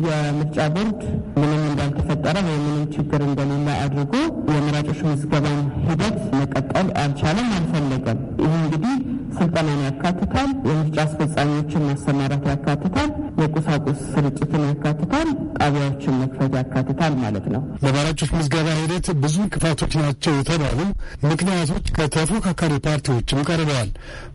የምርጫ ቦርድ ምንም ወይ ምንም ችግር እንደሌለ አድርጎ የመራጮች ምዝገባን ሂደት መቀጠል አልቻለም፣ አልፈለገም። ይህ እንግዲህ ስልጠናን ያካትታል፣ የምርጫ አስፈጻሚዎችን ማሰማራት ያካትታል፣ የቁሳቁስ ስርጭትን ያካትታል፣ ጣቢያዎችን መክፈት ያካትታል ማለት ነው። ለመራጮች ምዝገባ ሂደት ብዙ እንቅፋቶች ናቸው የተባሉ ምክንያቶች ከተፎካካሪ ፓርቲዎችም ቀርበዋል።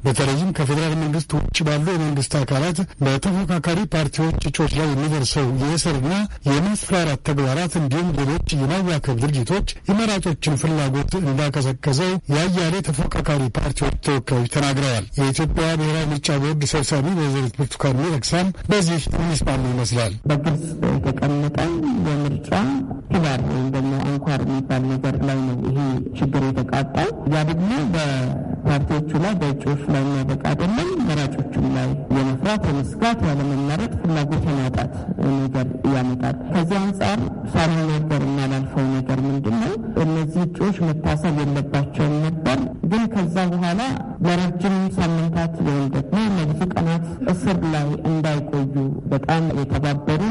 በተለይም ከፌዴራል መንግስት ውጭ ባሉ የመንግስት አካላት በተፎካካሪ ፓርቲዎች እጩዎች ላይ የሚደርሰው የእስርና የማስፈራራት ተግባ ተግባራት እንዲሁም ሌሎች የማዋከብ ድርጊቶች የመራጮችን ፍላጎት እንዳቀሰቀሰ የአያሌ ተፎካካሪ ፓርቲዎች ተወካዮች ተናግረዋል። የኢትዮጵያ ብሔራዊ ምርጫ ቦርድ ሰብሳቢ ወይዘሪት ብርቱካን ሚደቅሳም በዚህ የሚስማሙ ይመስላል። በግልጽ የተቀመጠ የምርጫ ፒላር ወይም ደግሞ አንኳር የሚባል ነገር ላይ ነው ይሄ ችግር የተቃጣው። ያ ደግሞ በፓርቲዎቹ ላይ በእጩዎች ላይ የሚያበቃ አይደለም መራጮቹም ላይ የመስራት የመስጋት ያለመመረጥ ፍላጎት የማጣት ነገር ያመጣል። ከዚህ አንጻር ሳልናገር የማላልፈው ነገር ምንድን ነው፣ እነዚህ እጩዎች መታሰብ የለባቸውም ነበር። ግን ከዛ በኋላ ለረጅም ሳምንታት ወይም ደግሞ ለብዙ ቀናት እስር ላይ እንዳይቆዩ በጣም የተባበሩ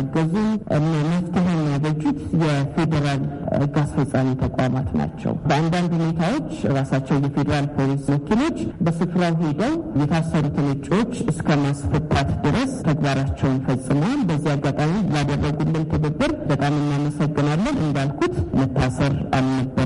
ያገዙ እና መፍትሄ የሚያበጁት የፌዴራል ህግ አስፈጻሚ ተቋማት ናቸው። በአንዳንድ ሁኔታዎች ራሳቸው የፌዴራል ፖሊስ ወኪሎች በስፍራው ሄደው የታሰሩትን እጩዎች እስከ ማስፈታት ድረስ ተግባራቸውን ፈጽመዋል። በዚህ አጋጣሚ ላደረጉልን ትብብር በጣም እናመሰግናለን። እንዳልኩት መታሰር አልነበ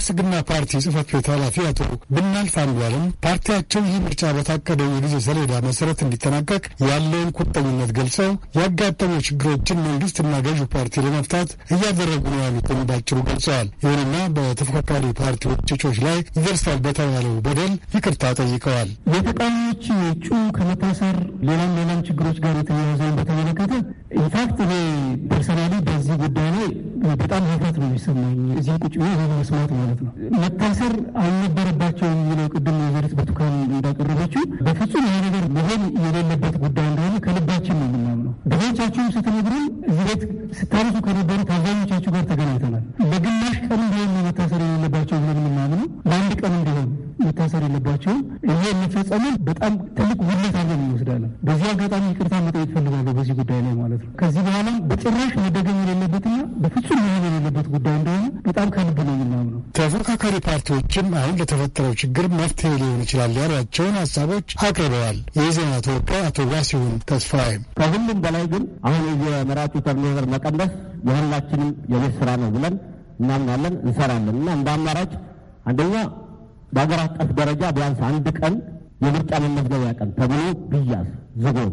የብልጽግና ፓርቲ ጽህፈት ቤት ኃላፊ አቶ ብናልፍ አንዷለም ፓርቲያቸው ይህ ምርጫ በታቀደው የጊዜ ሰሌዳ መሰረት እንዲጠናቀቅ ያለውን ቁርጠኝነት ገልጸው ያጋጠሙ ችግሮችን መንግስትና ገዢው ፓርቲ ለመፍታት እያደረጉ ነው ያሉትን ባጭሩ ገልጸዋል። ይሁንና በተፎካካሪ ፓርቲዎች እጩዎች ላይ ይደርሳል በተባለው በደል ይቅርታ ጠይቀዋል። የተቃዋሚዎች እጩ ከመታሰር ሌላም ሌላም ችግሮች ጋር የተያያዘውን በተመለከተ ኢንፋክት እኔ ፐርሰናሊ በዚህ ጉዳይ ላይ በጣም ህፈት ነው የሚሰማኝ እዚህ ቁጭ ይህን መስማት ነው ማለት ነው። መታሰር አልነበረባቸው የሚለው ቅድም ወይዘሪት ብርቱካን እንዳቀረበችው በፍጹም ይህ ነገር መሆን የሌለበት ጉዳይ እንደሆነ ከልባችን ነው የምናምነው። ብዙዎቻችሁም ስትነግሩን እዚህ ቤት ስታነሱ ከነበረ አሁን ለተፈጠረው ችግር መፍትሄ ሊሆን ይችላል ያሏቸውን ሀሳቦች አቅርበዋል። የዜና ተወካይ አቶ ዋሲሁን ተስፋዬም ከሁሉም በላይ ግን አሁን የመራጩ ተርኔቨር መቀነስ የሁላችንም የቤት ስራ ነው ብለን እናምናለን፣ እንሰራለን እና እንደ አማራጭ አንደኛ በሀገር አቀፍ ደረጃ ቢያንስ አንድ ቀን የምርጫ መመዝገቢያ ቀን ተብሎ ብያዝ ዝግ ነው።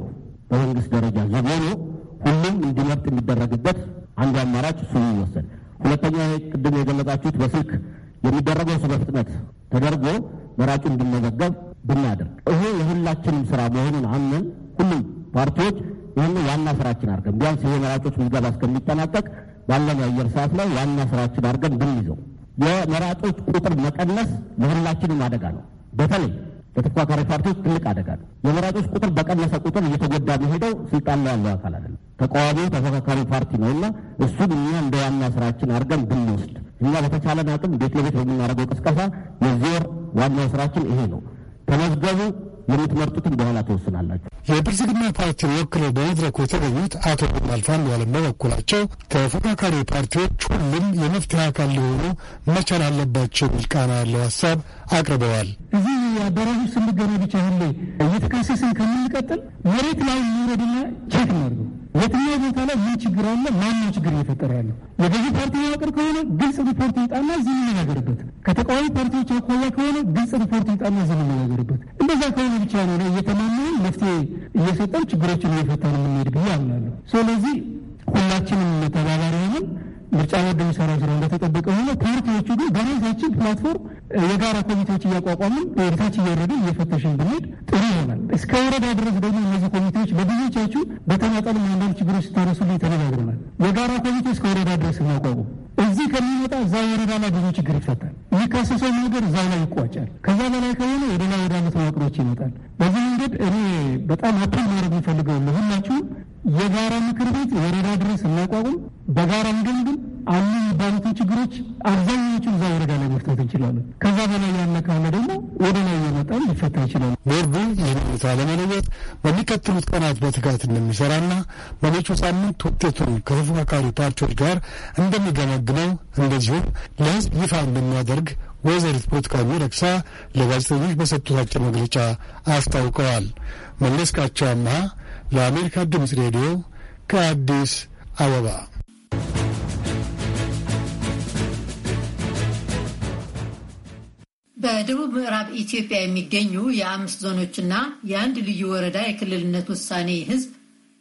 በመንግስት ደረጃ ዝግ ነው። ሁሉም እንዲመርጥ የሚደረግበት አንዱ አማራጭ እሱ ይወሰድ። ሁለተኛ ቅድም የገለጻችሁት በስልክ የሚደረገው እሱ በፍጥነት ተደርጎ መራጩ እንዲመዘገብ ብናደርግ ይሄ የሁላችንም ስራ መሆኑን አምነን ሁሉም ፓርቲዎች ይህን ዋና ስራችን አድርገን ቢያንስ ይሄ መራጮች ምዝገባ እስከሚጠናቀቅ ባለን የአየር ሰዓት ላይ ዋና ስራችን አድርገን ብንይዘው የመራጮች ቁጥር መቀነስ ለሁላችንም አደጋ ነው። በተለይ ለተፎካካሪ ፓርቲዎች ትልቅ አደጋ ነው። የመራጮች ቁጥር በቀነሰ ቁጥር እየተጎዳ መሄደው ስልጣን ላይ ያለው አካል አይደለም፣ ተቃዋሚ ተፎካካሪ ፓርቲ ነው እና እሱም እኛ እንደ ዋና ስራችን አድርገን ብንወስድ እኛ በተቻለን አቅም ቤት ለቤት በምናደርገው ቅስቀሳ የዚህ ወር ዋናው ስራችን ይሄ ነው። ተመዝገቡ፣ የምትመርጡትን በኋላ ትወስናላችሁ። የብልጽግና ፓርቲን ወክለው በመድረኩ የተገኙት አቶ ግርማ አልፋንዋልም በበኩላቸው ተፎካካሪ ፓርቲዎች ሁሉም የመፍትሄ አካል ሊሆኑ መቻል አለባቸው የሚል ቃና ያለው ሀሳብ አቅርበዋል። እዚህ አዳራሾች ስንገናኝ ብቻ ሁሌ እየተካሰስን ከምንቀጥል መሬት ላይ የሚውረድና ቼክ እናድርገው የትኛው ቦታ ላይ ምን ችግር አለ? ማነው ችግር እየፈጠረ ያለው? የገዢ ፓርቲ መዋቅር ከሆነ ግልጽ ሪፖርት ይውጣና እዚህ እንነጋገርበት። ከተቃዋሚ ፓርቲዎች አኳያ ከሆነ ግልጽ ሪፖርት ይውጣና እዚህ እንነጋገርበት። እንደዛ ከሆነ ብቻ ነው እየተማመን መፍትሄ እየሰጠን ችግሮችን እየፈታን የምንሄድ ብዬ አምናለሁ። ስለዚህ ሁላችንም ተባባሪ ሆነን ምርጫ ቦርድ የሚሰራው ስራ እንደተጠበቀ ሆኖ ፓርቲዎቹ ግን በራሳችን ፕላትፎርም የጋራ ኮሚቴዎች እያቋቋምን ወደታች እያወረድን እየፈተሽን ብንሄድ ጥሩ ይሆናል። እስከ ወረዳ ድረስ ደግሞ እነዚህ ኮሚቴዎች በብዙዎቻችሁ በተናጠል አንዳንድ ችግሮች ስታነሱልኝ ተነጋግረናል። የጋራ ኮሚቴ እስከ ወረዳ ድረስ እናቋቁም። እዚህ ከሚመጣ እዛ ወረዳ ላይ ብዙ ችግር ይፈታል። የሚካሰሰው ነገር እዛው ላይ ይቋጫል። ከዛ በላይ ከሆነ ወደ ላይ ወዳሉት መዋቅሮች ይመጣል። በዚህ መንገድ እኔ በጣም አፕል ማድረግ የሚፈልገው ለሁላችሁ የጋራ ምክር ቤት ወረዳ ድረስ እናቋቁም፣ በጋራ እንግን ግን አሉ የሚባሉትን ችግሮች አብዛኛዎቹ እዛ ወረዳ ላይ መፍታት እንችላለን። ከዛ በላይ ያለ ከሆነ ደግሞ ወደ ላይ የመጣል ሊፈታ ይችላል። ቦርዱ ይህን ሁኔታ ለመለወጥ በሚቀጥሉት ቀናት በትጋት እንደሚሰራና በመጪው ሳምንት ውጤቱን ከተፎካካሪ ፓርቲዎች ጋር እንደሚገመግመው እንደዚሁም ለህዝብ ይፋ እንደሚያደርግ ወይዘሪት ብርቱካን ሚደቅሳ ለጋዜጠኞች በሰጡት አጭር መግለጫ አስታውቀዋል። መለስካቸው አምሃ ለአሜሪካ ድምፅ ሬዲዮ ከአዲስ አበባ በደቡብ ምዕራብ ኢትዮጵያ የሚገኙ የአምስት ዞኖችና የአንድ ልዩ ወረዳ የክልልነት ውሳኔ ህዝብ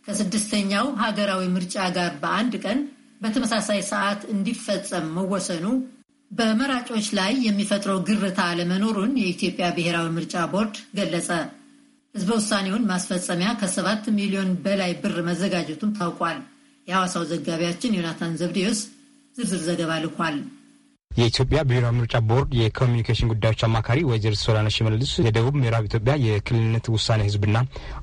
ከስድስተኛው ሀገራዊ ምርጫ ጋር በአንድ ቀን በተመሳሳይ ሰዓት እንዲፈጸም መወሰኑ በመራጮች ላይ የሚፈጥረው ግርታ አለመኖሩን የኢትዮጵያ ብሔራዊ ምርጫ ቦርድ ገለጸ። ህዝበ ውሳኔውን ማስፈጸሚያ ከሰባት ሚሊዮን በላይ ብር መዘጋጀቱም ታውቋል። የሐዋሳው ዘጋቢያችን ዮናታን ዘብዴዎስ ዝርዝር ዘገባ ልኳል። የኢትዮጵያ ብሔራዊ ምርጫ ቦርድ የኮሚኒኬሽን ጉዳዮች አማካሪ ወይዘሮ ሶሊያና ሽመልስ የደቡብ ምዕራብ ኢትዮጵያ የክልልነት ውሳኔ ህዝብና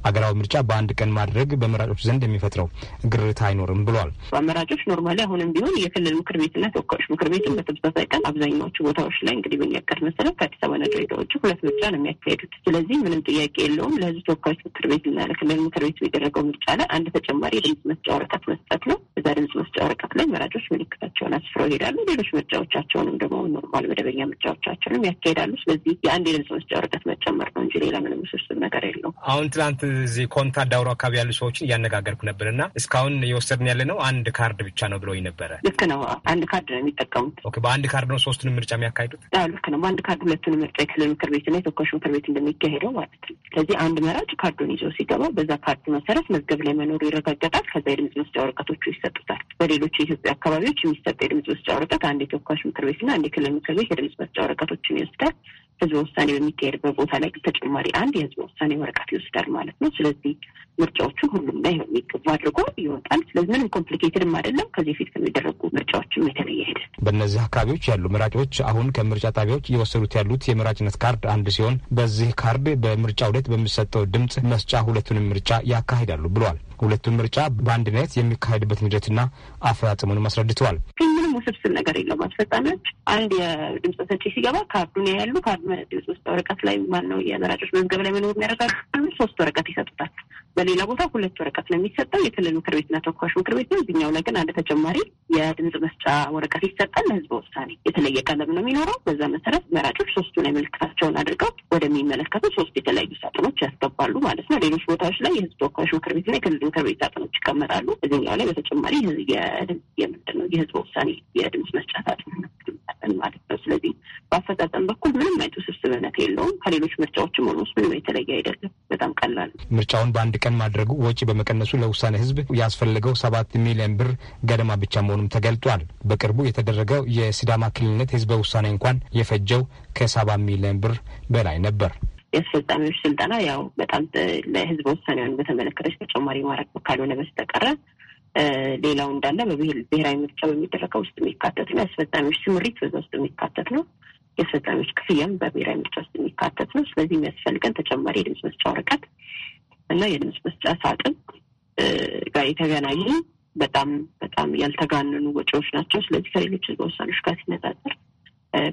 አገራዊ ምርጫ በአንድ ቀን ማድረግ በመራጮች ዘንድ የሚፈጥረው ግርታ አይኖርም ብሏል። በመራጮች ኖርማሊ አሁንም ቢሆን የክልል ምክር ቤትና ተወካዮች ምክር ቤትን በተመሳሳይ ቀን አብዛኛዎቹ ቦታዎች ላይ እንግዲህ በሚያቀር መሰረት ከአዲስ አበባና ድሬዳዋ ሁለት ምርጫ ነው የሚያካሄዱት። ስለዚህ ምንም ጥያቄ የለውም። ለህዝብ ተወካዮች ምክር ቤትና ለክልል ምክር ቤት የደረገው ምርጫ ላይ አንድ ተጨማሪ የድምጽ መስጫ ወረቀት መስጠት ነው። እዛ ድምጽ መስጫ ወረቀት ላይ መራጮች ምልክታቸውን አስፍረው ይሄዳሉ። ሌሎች ምርጫዎቻቸው አሁንም ደግሞ ኖርማል መደበኛ ምርጫዎቻችንም ያካሄዳሉ። ስለዚህ የአንድ የድምፅ መስጫ ወረቀት መጨመር ነው እንጂ ሌላ ምንም ውስብስብ ነገር የለው አሁን ትናንት እዚህ ኮንታ ዳውሮ አካባቢ ያሉ ሰዎችን እያነጋገርኩ ነበር እና እስካሁን የወሰድን ያለ ነው አንድ ካርድ ብቻ ነው ብሎኝ ነበረ። ልክ ነው፣ አንድ ካርድ ነው የሚጠቀሙት። በአንድ ካርድ ነው ሶስቱንም ምርጫ የሚያካሂዱት? ልክ ነው፣ በአንድ ካርድ ሁለቱንም ምርጫ የክልል ምክር ቤትና የተወካዮች ምክር ቤት እንደሚካሄደው ማለት ነው። ስለዚህ አንድ መራጭ ካርዱን ይዞ ሲገባ በዛ ካርድ መሰረት መዝገብ ላይ መኖሩ ይረጋገጣል። ከዛ የድምጽ መስጫ ወረቀቶቹ ይሰጡታል። በሌሎች የኢትዮጵያ አካባቢዎች የሚሰጠ የድምጽ መስጫ ወረቀት አንድ የተወካዮች ምክር ቤት ቤት እና አንድ የክልል ምክር ቤት የድምጽ መስጫ ወረቀቶችን ይወስዳል። ህዝበ ውሳኔ በሚካሄድበት ቦታ ላይ ተጨማሪ አንድ የህዝበ ውሳኔ ወረቀት ይወስዳል ማለት ነው። ስለዚህ ምርጫዎቹን ሁሉም ላይ የሚገቡ አድርጎ ይወጣል። ስለዚህ ምንም ኮምፕሊኬትድም አይደለም። ከዚህ ፊት ከሚደረጉ ምርጫዎችም የተለየ ሄደ። በእነዚህ አካባቢዎች ያሉ መራጮች አሁን ከምርጫ ጣቢያዎች እየወሰዱት ያሉት የመራጭነት ካርድ አንድ ሲሆን በዚህ ካርድ በምርጫ ሁለት በሚሰጠው ድምፅ መስጫ ሁለቱንም ምርጫ ያካሂዳሉ ብሏል። ሁለቱን ምርጫ በአንድነት የሚካሄድበትን ሂደትና አፈጻጸሙንም አስረድተዋል። ምንም ውስብስብ ነገር የለውም። አስፈጻሚዎች አንድ የድምፅ ሰጪ ሲገባ ካርዱን ያያሉ። ድምፅ መስጫ ወረቀት ላይ ማነው የመራጮች መዝገብ ላይ መኖር የሚያረጋግጥ ሶስት ወረቀት ይሰጡታል። በሌላ ቦታ ሁለት ወረቀት ነው የሚሰጠው። የክልል ምክር ቤትና ተወካዮች ምክር ቤት ነው። እዚኛው ላይ ግን አንድ ተጨማሪ የድምፅ መስጫ ወረቀት ይሰጣል። ለህዝበ ውሳኔ የተለየ ቀለም ነው የሚኖረው። በዛ መሰረት መራጮች ሶስቱን የምልክታቸውን አድርገው ወደሚመለከቱ ሶስት የተለያዩ ሳጥኖች ያስገባሉ ማለት ነው። ሌሎች ቦታዎች ላይ የህዝብ ተወካዮች ምክር ቤትና የክልል ምክር ቤት ሳጥኖች ይቀመጣሉ። እዚኛው ላይ በተጨማሪ የምንድን ነው የህዝበ ውሳኔ የድምፅ መስጫ ሳጥን ነው አለብን ማለት ነው። ስለዚህ በአፈጻጸም በኩል ምንም አይነት ውስብስብነት የለውም። ከሌሎች ምርጫዎችም ሆኖ ውስጥ ምንም የተለየ አይደለም። በጣም ቀላል ምርጫውን በአንድ ቀን ማድረጉ ወጪ በመቀነሱ ለውሳኔ ህዝብ ያስፈለገው ሰባት ሚሊዮን ብር ገደማ ብቻ መሆኑም ተገልጧል። በቅርቡ የተደረገው የሲዳማ ክልልነት ህዝበ ውሳኔ እንኳን የፈጀው ከሰባ ሚሊዮን ብር በላይ ነበር። የአስፈጻሚዎች ስልጠና ያው በጣም ለህዝበ ውሳኔውን በተመለከተች ተጨማሪ ማድረግ ካልሆነ በስተቀረ ሌላው እንዳለ በብሔራዊ ምርጫ በሚደረገው ውስጥ የሚካተት ነው። የአስፈጻሚዎች ስምሪት በዛ ውስጥ የሚካተት ነው። የአስፈጻሚዎች ክፍያም በብሔራዊ ምርጫ ውስጥ የሚካተት ነው። ስለዚህ የሚያስፈልገን ተጨማሪ የድምፅ መስጫ ወረቀት እና የድምፅ መስጫ ሳጥን ጋር የተገናኙ በጣም በጣም ያልተጋነኑ ወጪዎች ናቸው። ስለዚህ ከሌሎች ህዝብ ጋር ሲነጻጸር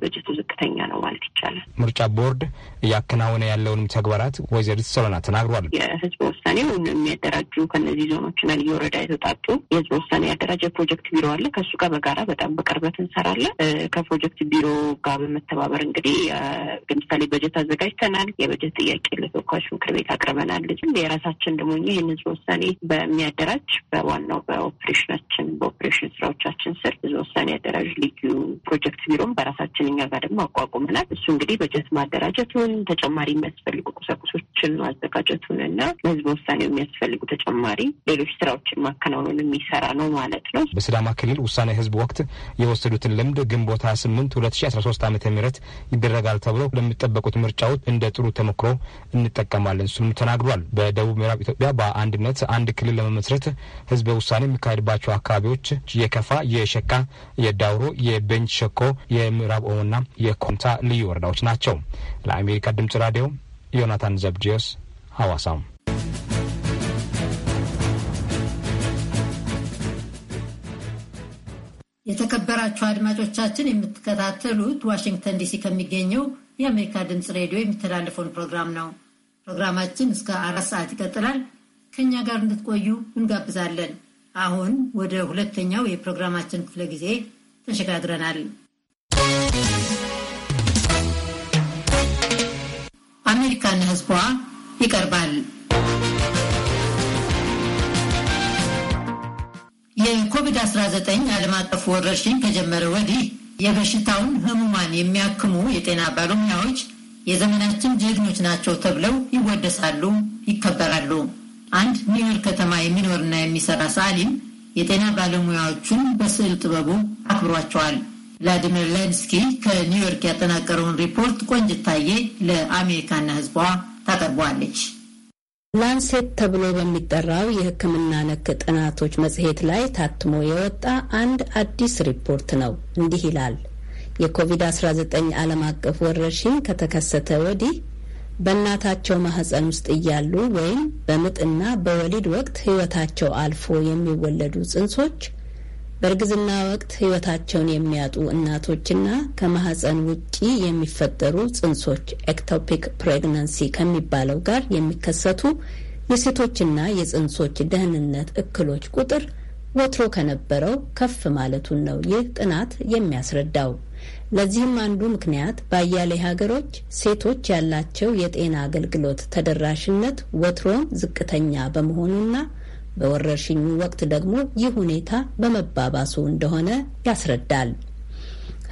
በጀቱ ዝቅተኛ ነው ማለት ይቻላል። ምርጫ ቦርድ እያከናወነ ያለውንም ተግባራት ወይዘሪት ሶሎና ተናግሯል። የህዝበ ውሳኔው የሚያደራጁ ከነዚህ ዞኖችና ልዩ ወረዳ የተውጣጡ የህዝበ ውሳኔ ያደራጀ ፕሮጀክት ቢሮ አለ። ከእሱ ጋር በጋራ በጣም በቅርበት እንሰራለን። ከፕሮጀክት ቢሮ ጋር በመተባበር እንግዲህ ለምሳሌ በጀት አዘጋጅተናል። የበጀት ጥያቄ ለተወካዮች ምክር ቤት አቅርበናል። የራሳችን ደግሞ ይህን ህዝበ ውሳኔ በሚያደራጅ በዋናው በኦፕሬሽናችን በኦፕሬሽን ስራዎቻችን ስር ህዝበ ውሳኔ ያደራጅ ልዩ ፕሮጀክት ቢሮም በራሳ ራሳችን እኛ ጋር ደግሞ አቋቁመናል። እሱ እንግዲህ በጀት ማደራጀቱን ተጨማሪ የሚያስፈልጉ ቁሳቁሶችን ማዘጋጀቱን እና ለህዝበ ውሳኔው የሚያስፈልጉ ተጨማሪ ሌሎች ስራዎችን ማከናወኑን የሚሰራ ነው ማለት ነው። በስዳማ ክልል ውሳኔ ህዝብ ወቅት የወሰዱትን ልምድ ግንቦት ሀያ ስምንት ሁለት ሺ አስራ ሶስት ዓመተ ምህረት ይደረጋል ተብሎ ለሚጠበቁት ምርጫዎች እንደ ጥሩ ተሞክሮ እንጠቀማለን እሱም ተናግሯል። በደቡብ ምዕራብ ኢትዮጵያ በአንድነት አንድ ክልል ለመመስረት ህዝበ ውሳኔ የሚካሄድባቸው አካባቢዎች የከፋ፣ የሸካ፣ የዳውሮ፣ የቤንች ሸኮ፣ የምዕራብ የምዕራብ ኦሞና የኮንታ ልዩ ወረዳዎች ናቸው። ለአሜሪካ ድምጽ ራዲዮ ዮናታን ዘብዲዮስ ሐዋሳም የተከበራችሁ አድማጮቻችን የምትከታተሉት ዋሽንግተን ዲሲ ከሚገኘው የአሜሪካ ድምፅ ሬዲዮ የሚተላለፈውን ፕሮግራም ነው። ፕሮግራማችን እስከ አራት ሰዓት ይቀጥላል። ከእኛ ጋር እንድትቆዩ እንጋብዛለን። አሁን ወደ ሁለተኛው የፕሮግራማችን ክፍለ ጊዜ ተሸጋግረናል። አሜሪካን ህዝቧ ይቀርባል። የኮቪድ-19 ዓለም አቀፍ ወረርሽኝ ከጀመረ ወዲህ የበሽታውን ህሙማን የሚያክሙ የጤና ባለሙያዎች የዘመናችን ጀግኖች ናቸው ተብለው ይወደሳሉ፣ ይከበራሉ። አንድ ኒውዮርክ ከተማ የሚኖርና የሚሰራ ሳሊም የጤና ባለሙያዎቹን በስዕል ጥበቡ አክብሯቸዋል። ቭላዲሚር ሌንስኪ ከኒውዮርክ ያጠናቀረውን ሪፖርት ቆንጅታዬ ለአሜሪካና ሕዝቧ ታቀርቧለች። ላንሴት ተብሎ በሚጠራው የሕክምና ነክ ጥናቶች መጽሔት ላይ ታትሞ የወጣ አንድ አዲስ ሪፖርት ነው። እንዲህ ይላል። የኮቪድ-19 ዓለም አቀፍ ወረርሽኝ ከተከሰተ ወዲህ በእናታቸው ማህፀን ውስጥ እያሉ ወይም በምጥና በወሊድ ወቅት ህይወታቸው አልፎ የሚወለዱ ጽንሶች በእርግዝና ወቅት ህይወታቸውን የሚያጡ እናቶችና ከማህፀን ውጪ የሚፈጠሩ ጽንሶች ኤክቶፒክ ፕሬግናንሲ ከሚባለው ጋር የሚከሰቱ የሴቶችና የጽንሶች ደህንነት እክሎች ቁጥር ወትሮ ከነበረው ከፍ ማለቱን ነው ይህ ጥናት የሚያስረዳው። ለዚህም አንዱ ምክንያት በአያሌ ሀገሮች ሴቶች ያላቸው የጤና አገልግሎት ተደራሽነት ወትሮን ዝቅተኛ በመሆኑና በወረርሽኙ ወቅት ደግሞ ይህ ሁኔታ በመባባሱ እንደሆነ ያስረዳል።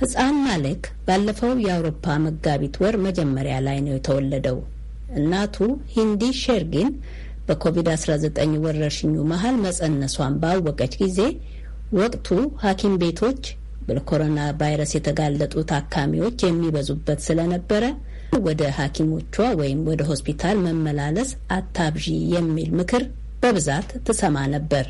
ህፃን ማሌክ ባለፈው የአውሮፓ መጋቢት ወር መጀመሪያ ላይ ነው የተወለደው። እናቱ ሂንዲ ሼርጊን በኮቪድ-19 ወረርሽኙ መሀል መጸነሷን ባወቀች ጊዜ ወቅቱ ሐኪም ቤቶች በኮሮና ቫይረስ የተጋለጡ ታካሚዎች የሚበዙበት ስለነበረ ወደ ሐኪሞቿ ወይም ወደ ሆስፒታል መመላለስ አታብዢ የሚል ምክር በብዛት ትሰማ ነበር።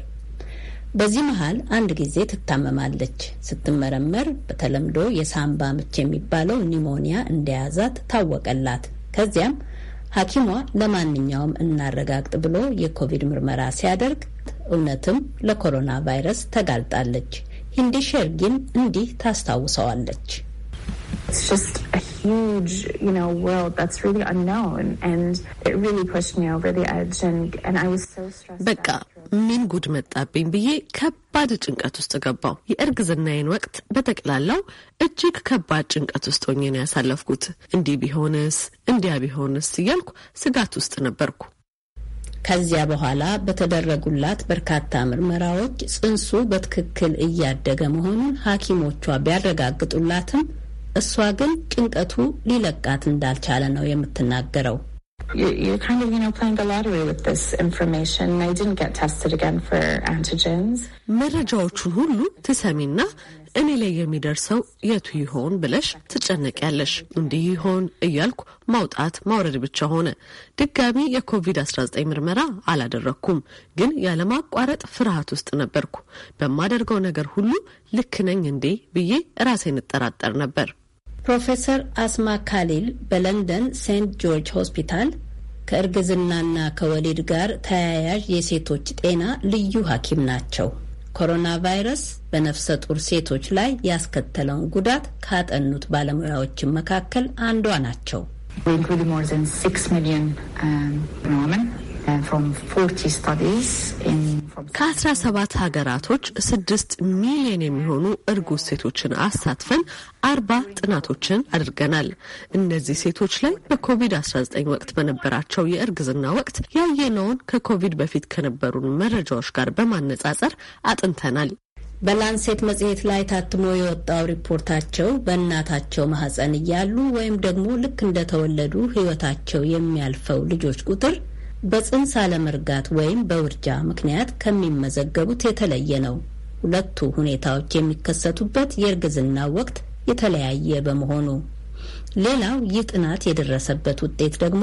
በዚህ መሀል አንድ ጊዜ ትታመማለች። ስትመረመር በተለምዶ የሳምባ ምች የሚባለው ኒሞኒያ እንደያዛት ታወቀላት። ከዚያም ሐኪሟ ለማንኛውም እናረጋግጥ ብሎ የኮቪድ ምርመራ ሲያደርግ እውነትም ለኮሮና ቫይረስ ተጋልጣለች። ሂንዲ ሸርጊን እንዲህ ታስታውሰዋለች። It's just a huge, you know, world that's really unknown and it really pushed me over the edge and, and I was so stressed. በቃ ምን ጉድ መጣብኝ ብዬ ከባድ ጭንቀት ውስጥ ገባው። የእርግዝናዬን ወቅት በጠቅላላው እጅግ ከባድ ጭንቀት ውስጥ ሆኜ ነው ያሳለፍኩት። እንዲህ ቢሆንስ እንዲያ ቢሆንስ እያልኩ ስጋት ውስጥ ነበርኩ። ከዚያ በኋላ በተደረጉላት በርካታ ምርመራዎች ጽንሱ በትክክል እያደገ መሆኑን ሐኪሞቿ ቢያረጋግጡላትም እሷ ግን ጭንቀቱ ሊለቃት እንዳልቻለ ነው የምትናገረው። መረጃዎቹን ሁሉ ትሰሚና እኔ ላይ የሚደርሰው የቱ ይሆን ብለሽ ትጨነቂያለሽ። እንዲህ ይሆን እያልኩ ማውጣት ማውረድ ብቻ ሆነ። ድጋሚ የኮቪድ-19 ምርመራ አላደረግኩም፣ ግን ያለማቋረጥ ፍርሃት ውስጥ ነበርኩ። በማደርገው ነገር ሁሉ ልክ ነኝ እንዴ ብዬ ራሴን እጠራጠር ነበር። ፕሮፌሰር አስማ ካሊል በለንደን ሴንት ጆርጅ ሆስፒታል ከእርግዝናና ከወሊድ ጋር ተያያዥ የሴቶች ጤና ልዩ ሐኪም ናቸው። ኮሮና ቫይረስ በነፍሰ ጡር ሴቶች ላይ ያስከተለውን ጉዳት ካጠኑት ባለሙያዎች መካከል አንዷ ናቸው። ከአስራ ሰባት ሀገራቶች ስድስት ሚሊዮን የሚሆኑ እርጉዝ ሴቶችን አሳትፈን አርባ ጥናቶችን አድርገናል። እነዚህ ሴቶች ላይ በኮቪድ-19 ወቅት በነበራቸው የእርግዝና ወቅት ያየነውን ከኮቪድ በፊት ከነበሩን መረጃዎች ጋር በማነጻጸር አጥንተናል። በላንሴት መጽሔት ላይ ታትሞ የወጣው ሪፖርታቸው በእናታቸው ማህፀን እያሉ ወይም ደግሞ ልክ እንደተወለዱ ሕይወታቸው የሚያልፈው ልጆች ቁጥር በጽንስ አለመርጋት ወይም በውርጃ ምክንያት ከሚመዘገቡት የተለየ ነው። ሁለቱ ሁኔታዎች የሚከሰቱበት የእርግዝና ወቅት የተለያየ በመሆኑ። ሌላው ይህ ጥናት የደረሰበት ውጤት ደግሞ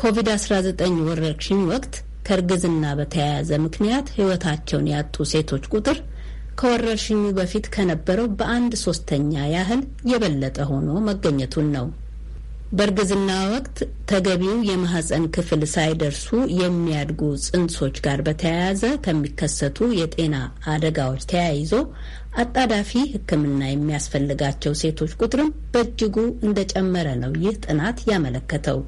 ኮቪድ-19 ወረርሽኝ ወቅት ከእርግዝና በተያያዘ ምክንያት ሕይወታቸውን ያጡ ሴቶች ቁጥር ከወረርሽኙ በፊት ከነበረው በአንድ ሶስተኛ ያህል የበለጠ ሆኖ መገኘቱን ነው። በእርግዝና ወቅት ተገቢው የማህፀን ክፍል ሳይደርሱ የሚያድጉ ጽንሶች ጋር በተያያዘ ከሚከሰቱ የጤና አደጋዎች ተያይዞ አጣዳፊ ሕክምና የሚያስፈልጋቸው ሴቶች ቁጥርም በእጅጉ እንደጨመረ ነው ይህ ጥናት ያመለከተው።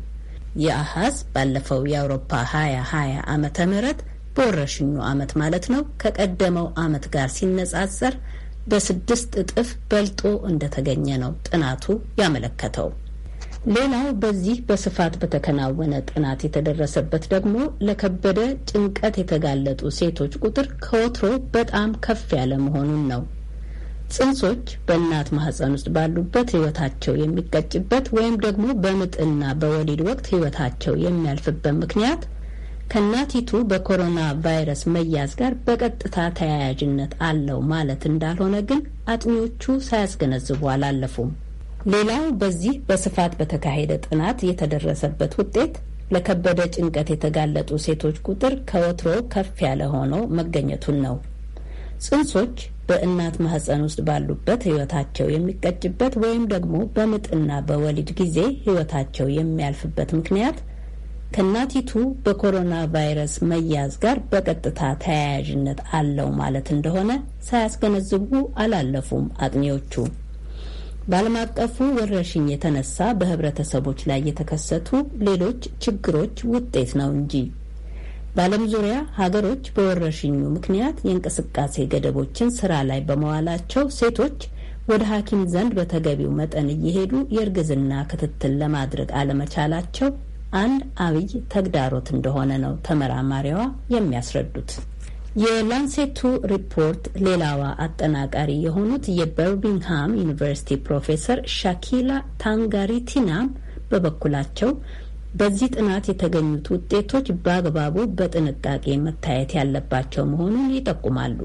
የአሃዝ ባለፈው የአውሮፓ 2020 ዓመተ ምህረት በወረሽኙ ዓመት ማለት ነው ከቀደመው ዓመት ጋር ሲነጻጸር በስድስት እጥፍ በልጦ እንደተገኘ ነው ጥናቱ ያመለከተው። ሌላው በዚህ በስፋት በተከናወነ ጥናት የተደረሰበት ደግሞ ለከበደ ጭንቀት የተጋለጡ ሴቶች ቁጥር ከወትሮ በጣም ከፍ ያለ መሆኑን ነው። ጽንሶች በእናት ማህፀን ውስጥ ባሉበት ህይወታቸው የሚቀጭበት ወይም ደግሞ በምጥና በወሊድ ወቅት ህይወታቸው የሚያልፍበት ምክንያት ከእናቲቱ በኮሮና ቫይረስ መያዝ ጋር በቀጥታ ተያያዥነት አለው ማለት እንዳልሆነ ግን አጥኚዎቹ ሳያስገነዝቡ አላለፉም። ሌላው በዚህ በስፋት በተካሄደ ጥናት የተደረሰበት ውጤት ለከበደ ጭንቀት የተጋለጡ ሴቶች ቁጥር ከወትሮ ከፍ ያለ ሆኖ መገኘቱን ነው። ጽንሶች በእናት ማህፀን ውስጥ ባሉበት ህይወታቸው የሚቀጭበት ወይም ደግሞ በምጥና በወሊድ ጊዜ ህይወታቸው የሚያልፍበት ምክንያት ከእናቲቱ በኮሮና ቫይረስ መያዝ ጋር በቀጥታ ተያያዥነት አለው ማለት እንደሆነ ሳያስገነዝቡ አላለፉም አጥኚዎቹ። በዓለም አቀፉ ወረርሽኝ የተነሳ በህብረተሰቦች ላይ የተከሰቱ ሌሎች ችግሮች ውጤት ነው እንጂ። በዓለም ዙሪያ ሀገሮች በወረርሽኙ ምክንያት የእንቅስቃሴ ገደቦችን ስራ ላይ በመዋላቸው ሴቶች ወደ ሐኪም ዘንድ በተገቢው መጠን እየሄዱ የእርግዝና ክትትል ለማድረግ አለመቻላቸው አንድ አብይ ተግዳሮት እንደሆነ ነው ተመራማሪዋ የሚያስረዱት። የላንሴቱ ሪፖርት ሌላዋ አጠናቃሪ የሆኑት የበርሚንግሃም ዩኒቨርሲቲ ፕሮፌሰር ሻኪላ ታንጋሪቲናም በበኩላቸው በዚህ ጥናት የተገኙት ውጤቶች በአግባቡ በጥንቃቄ መታየት ያለባቸው መሆኑን ይጠቁማሉ።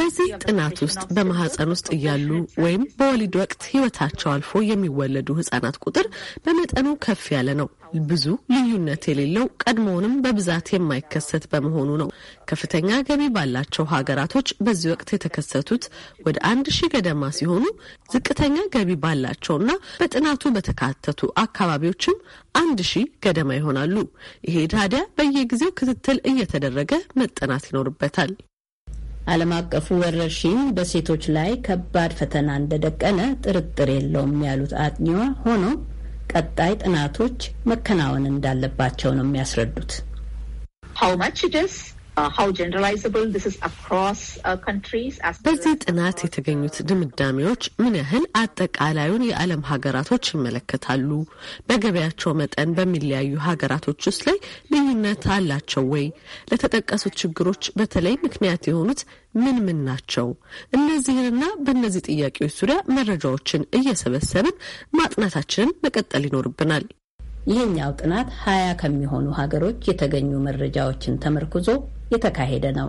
በዚህ ጥናት ውስጥ በማህፀን ውስጥ እያሉ ወይም በወሊድ ወቅት ህይወታቸው አልፎ የሚወለዱ ህጻናት ቁጥር በመጠኑ ከፍ ያለ ነው። ብዙ ልዩነት የሌለው ቀድሞውንም በብዛት የማይከሰት በመሆኑ ነው። ከፍተኛ ገቢ ባላቸው ሀገራቶች በዚህ ወቅት የተከሰቱት ወደ አንድ ሺህ ገደማ ሲሆኑ ዝቅተኛ ገቢ ባላቸውና በጥናቱ በተካተቱ አካባቢዎችም አንድ ሺህ ገደማ ይሆናሉ። ይሄ ታዲያ በየጊዜው ክትትል እየተደረገ መጠናት ይኖርበታል። ዓለም አቀፉ ወረርሽኝ በሴቶች ላይ ከባድ ፈተና እንደደቀነ ጥርጥር የለውም ያሉት አጥኚዋ፣ ሆኖም ቀጣይ ጥናቶች መከናወን እንዳለባቸው ነው የሚያስረዱት። Uh, uh, በዚህ ጥናት የተገኙት ድምዳሜዎች ምን ያህል አጠቃላዩን የዓለም ሀገራቶች ይመለከታሉ? በገበያቸው መጠን በሚለያዩ ሀገራቶች ውስጥ ላይ ልዩነት አላቸው ወይ? ለተጠቀሱት ችግሮች በተለይ ምክንያት የሆኑት ምን ምን ናቸው? እነዚህንና በእነዚህ ጥያቄዎች ዙሪያ መረጃዎችን እየሰበሰብን ማጥናታችንን መቀጠል ይኖርብናል። ይህኛው ጥናት ሀያ ከሚሆኑ ሀገሮች የተገኙ መረጃዎችን ተመርኩዞ የተካሄደ ነው።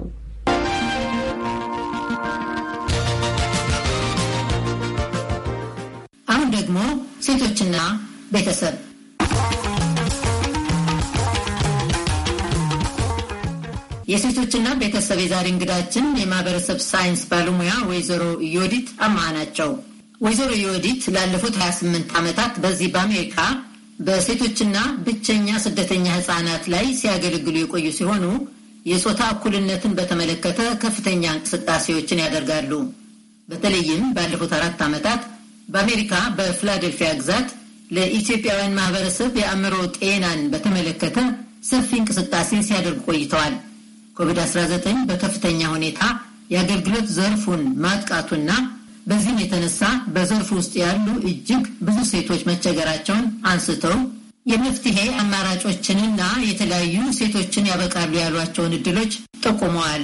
አሁን ደግሞ ሴቶችና ቤተሰብ የሴቶችና ቤተሰብ የዛሬ እንግዳችን የማህበረሰብ ሳይንስ ባለሙያ ወይዘሮ ዮዲት አማ ናቸው። ወይዘሮ ዮዲት ላለፉት 28 ዓመታት በዚህ በአሜሪካ በሴቶችና ብቸኛ ስደተኛ ህፃናት ላይ ሲያገለግሉ የቆዩ ሲሆኑ የጾታ እኩልነትን በተመለከተ ከፍተኛ እንቅስቃሴዎችን ያደርጋሉ። በተለይም ባለፉት አራት ዓመታት በአሜሪካ በፊላዴልፊያ ግዛት ለኢትዮጵያውያን ማህበረሰብ የአእምሮ ጤናን በተመለከተ ሰፊ እንቅስቃሴ ሲያደርጉ ቆይተዋል። ኮቪድ-19 በከፍተኛ ሁኔታ የአገልግሎት ዘርፉን ማጥቃቱና በዚህም የተነሳ በዘርፉ ውስጥ ያሉ እጅግ ብዙ ሴቶች መቸገራቸውን አንስተው የመፍትሄ አማራጮችንና የተለያዩ ሴቶችን ያበቃሉ ያሏቸውን እድሎች ጠቁመዋል።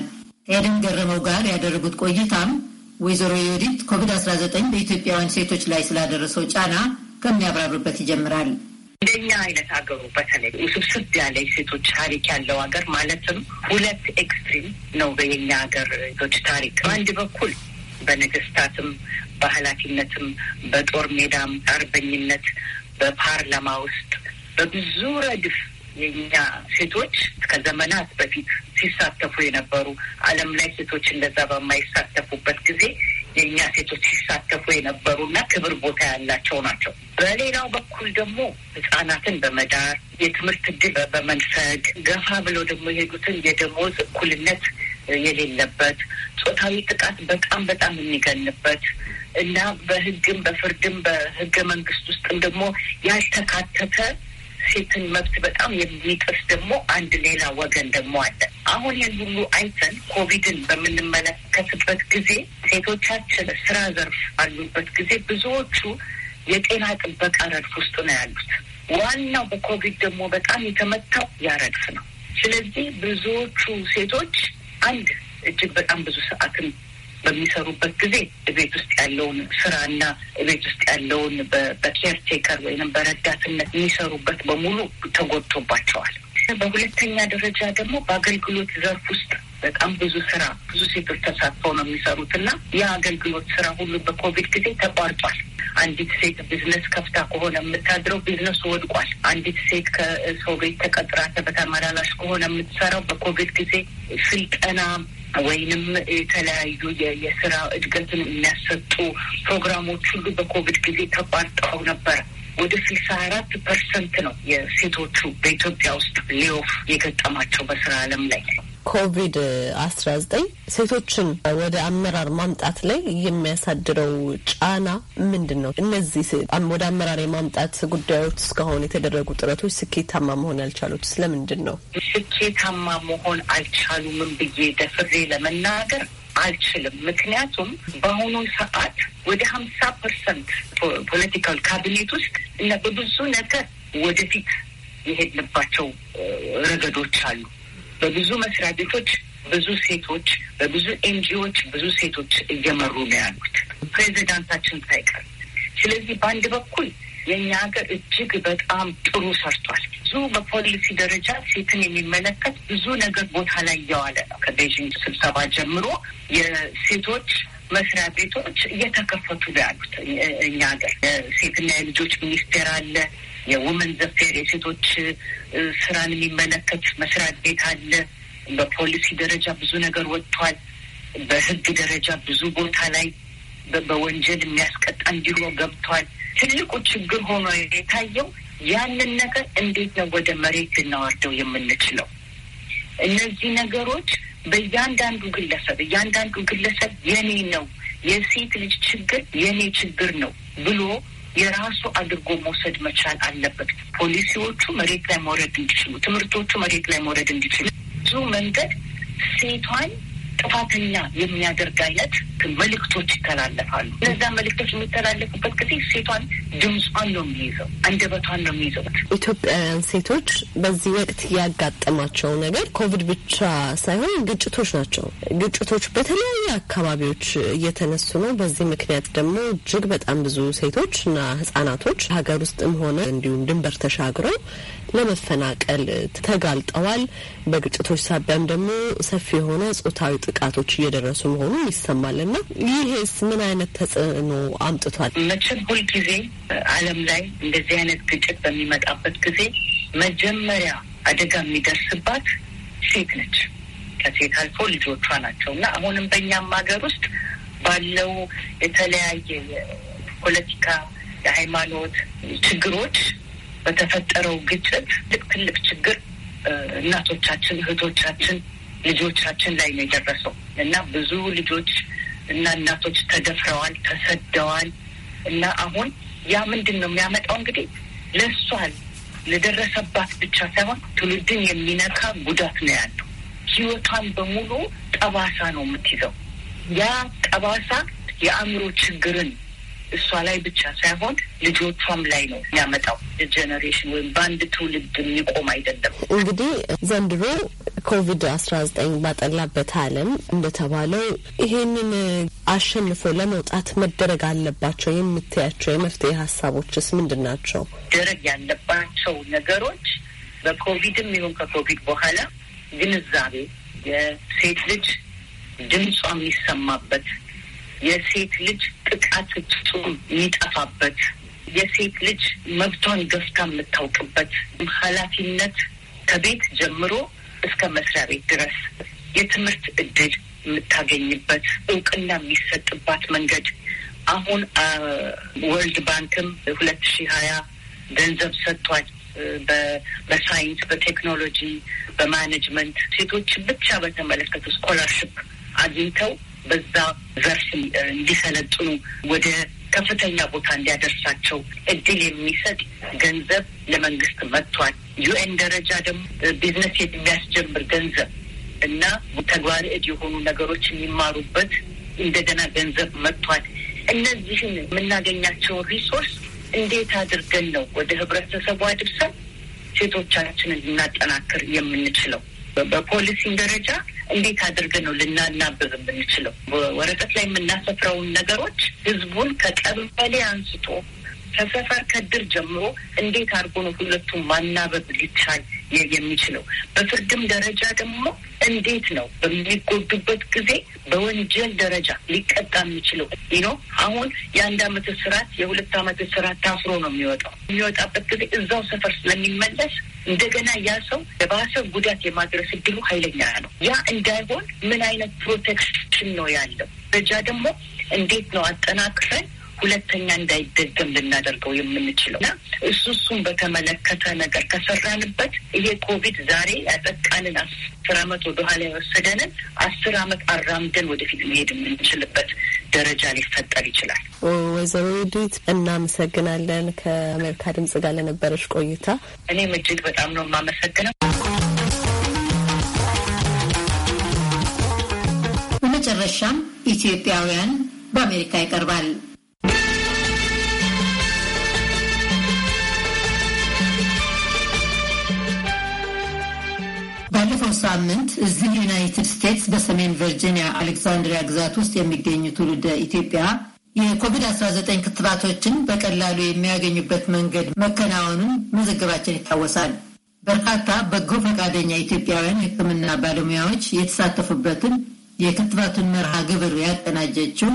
ኤደን ገረመው ጋር ያደረጉት ቆይታም ወይዘሮ የወዲት ኮቪድ-19 በኢትዮጵያውያን ሴቶች ላይ ስላደረሰው ጫና ከሚያብራሩበት ይጀምራል። እንደኛ አይነት ሀገሩ በተለይ ውስብስብ ያለ ሴቶች ታሪክ ያለው ሀገር ማለትም ሁለት ኤክስትሪም ነው በየኛ ሀገር ሴቶች ታሪክ በአንድ በኩል በነገስታትም በኃላፊነትም በጦር ሜዳም አርበኝነት በፓርላማ ውስጥ በብዙ ረድፍ የኛ ሴቶች ከዘመናት በፊት ሲሳተፉ የነበሩ ዓለም ላይ ሴቶች እንደዛ በማይሳተፉበት ጊዜ የእኛ ሴቶች ሲሳተፉ የነበሩ እና ክብር ቦታ ያላቸው ናቸው። በሌላው በኩል ደግሞ ህጻናትን በመዳር የትምህርት እድል በመንፈግ ገፋ ብለው ደግሞ የሄዱትን የደሞዝ እኩልነት የሌለበት ጾታዊ ጥቃት በጣም በጣም የሚገንበት እና በህግም በፍርድም በህገ መንግስት ውስጥም ደግሞ ያልተካተተ ሴትን መብት በጣም የሚጥስ ደግሞ አንድ ሌላ ወገን ደግሞ አለ። አሁን ይህን ሁሉ አይተን ኮቪድን በምንመለከትበት ጊዜ ሴቶቻችን ስራ ዘርፍ ባሉበት ጊዜ ብዙዎቹ የጤና ጥበቃ ረድፍ ውስጥ ነው ያሉት። ዋናው በኮቪድ ደግሞ በጣም የተመታው ያረድፍ ነው። ስለዚህ ብዙዎቹ ሴቶች አንድ እጅግ በጣም ብዙ ሰዓትን በሚሰሩበት ጊዜ ቤት ውስጥ ያለውን ስራና ቤት ውስጥ ያለውን በኬርቴከር ወይም በረዳትነት የሚሰሩበት በሙሉ ተጎድቶባቸዋል። በሁለተኛ ደረጃ ደግሞ በአገልግሎት ዘርፍ ውስጥ በጣም ብዙ ስራ ብዙ ሴቶች ተሳትፈው ነው የሚሰሩት እና ያ አገልግሎት ስራ ሁሉ በኮቪድ ጊዜ ተቋርጧል። አንዲት ሴት ቢዝነስ ከፍታ ከሆነ የምታድረው ቢዝነሱ ወድቋል። አንዲት ሴት ከሰው ቤት ተቀጥራ ተበታመላላሽ ከሆነ የምትሰራው በኮቪድ ጊዜ ስልጠና ወይንም የተለያዩ የስራ እድገትን የሚያሰጡ ፕሮግራሞች ሁሉ በኮቪድ ጊዜ ተቋርጠው ነበር። ወደ ስልሳ አራት ፐርሰንት ነው የሴቶቹ በኢትዮጵያ ውስጥ ሌኦፍ የገጠማቸው በስራ አለም ላይ ኮቪድ አስራ ዘጠኝ ሴቶችን ወደ አመራር ማምጣት ላይ የሚያሳድረው ጫና ምንድን ነው? እነዚህ ወደ አመራር የማምጣት ጉዳዮች እስካሁን የተደረጉ ጥረቶች ስኬታማ መሆን ያልቻሉት ስለምንድን ነው? ስኬታማ መሆን አልቻሉም ብዬ ደፍሬ ለመናገር አልችልም። ምክንያቱም በአሁኑ ሰዓት ወደ ሀምሳ ፐርሰንት ፖለቲካል ካቢኔት ውስጥ እና በብዙ ነገር ወደፊት የሄድንባቸው ረገዶች አሉ። በብዙ መስሪያ ቤቶች ብዙ ሴቶች፣ በብዙ ኤንጂዎች ብዙ ሴቶች እየመሩ ነው ያሉት ፕሬዚዳንታችን ሳይቀር። ስለዚህ በአንድ በኩል የእኛ ሀገር እጅግ በጣም ጥሩ ሰርቷል። ብዙ በፖሊሲ ደረጃ ሴትን የሚመለከት ብዙ ነገር ቦታ ላይ እያዋለ ነው። ከቤዥንግ ስብሰባ ጀምሮ የሴቶች መስሪያ ቤቶች እየተከፈቱ ነው ያሉት። እኛ ሀገር የሴትና የልጆች ሚኒስቴር አለ። የውመን ዘፌር የሴቶች ስራን የሚመለከት መስሪያ ቤት አለ። በፖሊሲ ደረጃ ብዙ ነገር ወጥቷል። በህግ ደረጃ ብዙ ቦታ ላይ በወንጀል የሚያስቀጣ ቢሮ ገብቷል። ትልቁ ችግር ሆኖ የታየው ያንን ነገር እንዴት ነው ወደ መሬት ልናወርደው የምንችለው? እነዚህ ነገሮች በእያንዳንዱ ግለሰብ እያንዳንዱ ግለሰብ የኔ ነው የሴት ልጅ ችግር የኔ ችግር ነው ብሎ የራሱ አድርጎ መውሰድ መቻል አለበት። ፖሊሲዎቹ መሬት ላይ መውረድ እንዲችሉ፣ ትምህርቶቹ መሬት ላይ መውረድ እንዲችሉ ብዙ መንገድ ሴቷን ጥፋተኛ የሚያደርግ አይነት መልእክቶች ይተላለፋሉ። እነዛ መልእክቶች የሚተላለፉበት ጊዜ ሴቷን ድምጿን ነው የሚይዘው፣ አንደበቷን ነው የሚይዘው። ኢትዮጵያውያን ሴቶች በዚህ ወቅት ያጋጠማቸው ነገር ኮቪድ ብቻ ሳይሆን ግጭቶች ናቸው። ግጭቶች በተለያዩ አካባቢዎች እየተነሱ ነው። በዚህ ምክንያት ደግሞ እጅግ በጣም ብዙ ሴቶች እና ህጻናቶች ሀገር ውስጥም ሆነ እንዲሁም ድንበር ተሻግረው ለመፈናቀል ተጋልጠዋል። በግጭቶች ሳቢያም ደግሞ ሰፊ የሆነ ጾታዊ ጥቃቶች እየደረሱ መሆኑ ይሰማልና ይሄስ ምን አይነት ተጽዕኖ አምጥቷል? መቼም ሁልጊዜ ዓለም ላይ እንደዚህ አይነት ግጭት በሚመጣበት ጊዜ መጀመሪያ አደጋ የሚደርስባት ሴት ነች። ከሴት አልፎ ልጆቿ ናቸው እና አሁንም በእኛም ሀገር ውስጥ ባለው የተለያየ የፖለቲካ የሃይማኖት ችግሮች በተፈጠረው ግጭት ትልቅ ትልቅ ችግር እናቶቻችን፣ እህቶቻችን፣ ልጆቻችን ላይ ነው የደረሰው እና ብዙ ልጆች እና እናቶች ተደፍረዋል፣ ተሰደዋል እና አሁን ያ ምንድን ነው የሚያመጣው እንግዲህ ለእሷል ለደረሰባት ብቻ ሳይሆን ትውልድን የሚነካ ጉዳት ነው ያለው። ህይወቷን በሙሉ ጠባሳ ነው የምትይዘው። ያ ጠባሳ የአእምሮ ችግርን እሷ ላይ ብቻ ሳይሆን ልጆቿም ላይ ነው የሚያመጣው። ጀኔሬሽን ወይም በአንድ ትውልድ የሚቆም አይደለም። እንግዲህ ዘንድሮ ኮቪድ አስራ ዘጠኝ ባጠላበት ዓለም እንደተባለው ይሄንን አሸንፎ ለመውጣት መደረግ አለባቸው የምትያቸው የመፍትሄ ሀሳቦችስ ምንድን ናቸው? ደረግ ያለባቸው ነገሮች በኮቪድም ይሁን ከኮቪድ በኋላ ግንዛቤ የሴት ልጅ ድምጿ የሚሰማበት የሴት ልጅ ጥቃት ፍጹም የሚጠፋበት የሴት ልጅ መብቷን ገፍታ የምታውቅበት ኃላፊነት ከቤት ጀምሮ እስከ መስሪያ ቤት ድረስ የትምህርት እድል የምታገኝበት እውቅና የሚሰጥባት መንገድ አሁን ወርልድ ባንክም ሁለት ሺህ ሀያ ገንዘብ ሰጥቷል። በሳይንስ፣ በቴክኖሎጂ፣ በማኔጅመንት ሴቶችን ብቻ በተመለከተ ስኮላርሽፕ አግኝተው በዛ ዘርፍ እንዲሰለጥኑ ወደ ከፍተኛ ቦታ እንዲያደርሳቸው እድል የሚሰጥ ገንዘብ ለመንግስት መጥቷል። ዩኤን ደረጃ ደግሞ ቢዝነስ የሚያስጀምር ገንዘብ እና ተግባር እድ የሆኑ ነገሮች የሚማሩበት እንደገና ገንዘብ መጥቷል። እነዚህን የምናገኛቸውን ሪሶርስ እንዴት አድርገን ነው ወደ ህብረተሰቡ አድርሰን ሴቶቻችንን ልናጠናክር የምንችለው? በፖሊሲ ደረጃ እንዴት አድርገ ነው ልናናብብ የምንችለው? ወረቀት ላይ የምናሰፍረውን ነገሮች ህዝቡን ከቀበሌ አንስቶ ከሰፈር ከድር ጀምሮ እንዴት አድርጎ ነው ሁለቱም ማናበብ ሊቻል የሚችለው? በፍርድም ደረጃ ደግሞ እንዴት ነው በሚጎዱበት ጊዜ በወንጀል ደረጃ ሊቀጣ የሚችለው? ነው አሁን የአንድ አመት እስራት የሁለት አመት እስራት ታስሮ ነው የሚወጣው። የሚወጣበት ጊዜ እዛው ሰፈር ስለሚመለስ እንደገና ያ ሰው ለባሰ ጉዳት የማድረስ እድሉ ኃይለኛ ነው። ያ እንዳይሆን ምን አይነት ፕሮቴክሽን ነው ያለው? ደረጃ ደግሞ እንዴት ነው አጠናክረን ሁለተኛ እንዳይደገም ልናደርገው የምንችለው እና እሱ እሱን በተመለከተ ነገር ከሰራንበት ይሄ ኮቪድ ዛሬ ያጠቃንን አስር አመት ወደኋላ የወሰደንን አስር አመት አራምደን ወደፊት መሄድ የምንችልበት ደረጃ ሊፈጠር ይችላል። ወይዘሮ ዩዲት እናመሰግናለን። ከአሜሪካ ድምጽ ጋር ለነበረች ቆይታ እኔም እጅግ በጣም ነው የማመሰግነው። በመጨረሻም ኢትዮጵያውያን በአሜሪካ ይቀርባል። ባለፈው ሳምንት እዚህ ዩናይትድ ስቴትስ በሰሜን ቨርጂኒያ አሌክዛንድሪያ ግዛት ውስጥ የሚገኙ ትውልደ ኢትዮጵያ የኮቪድ-19 ክትባቶችን በቀላሉ የሚያገኙበት መንገድ መከናወኑን መዘገባችን ይታወሳል። በርካታ በጎ ፈቃደኛ ኢትዮጵያውያን ሕክምና ባለሙያዎች የተሳተፉበትን የክትባቱን መርሃ ግብር ያቀናጀችው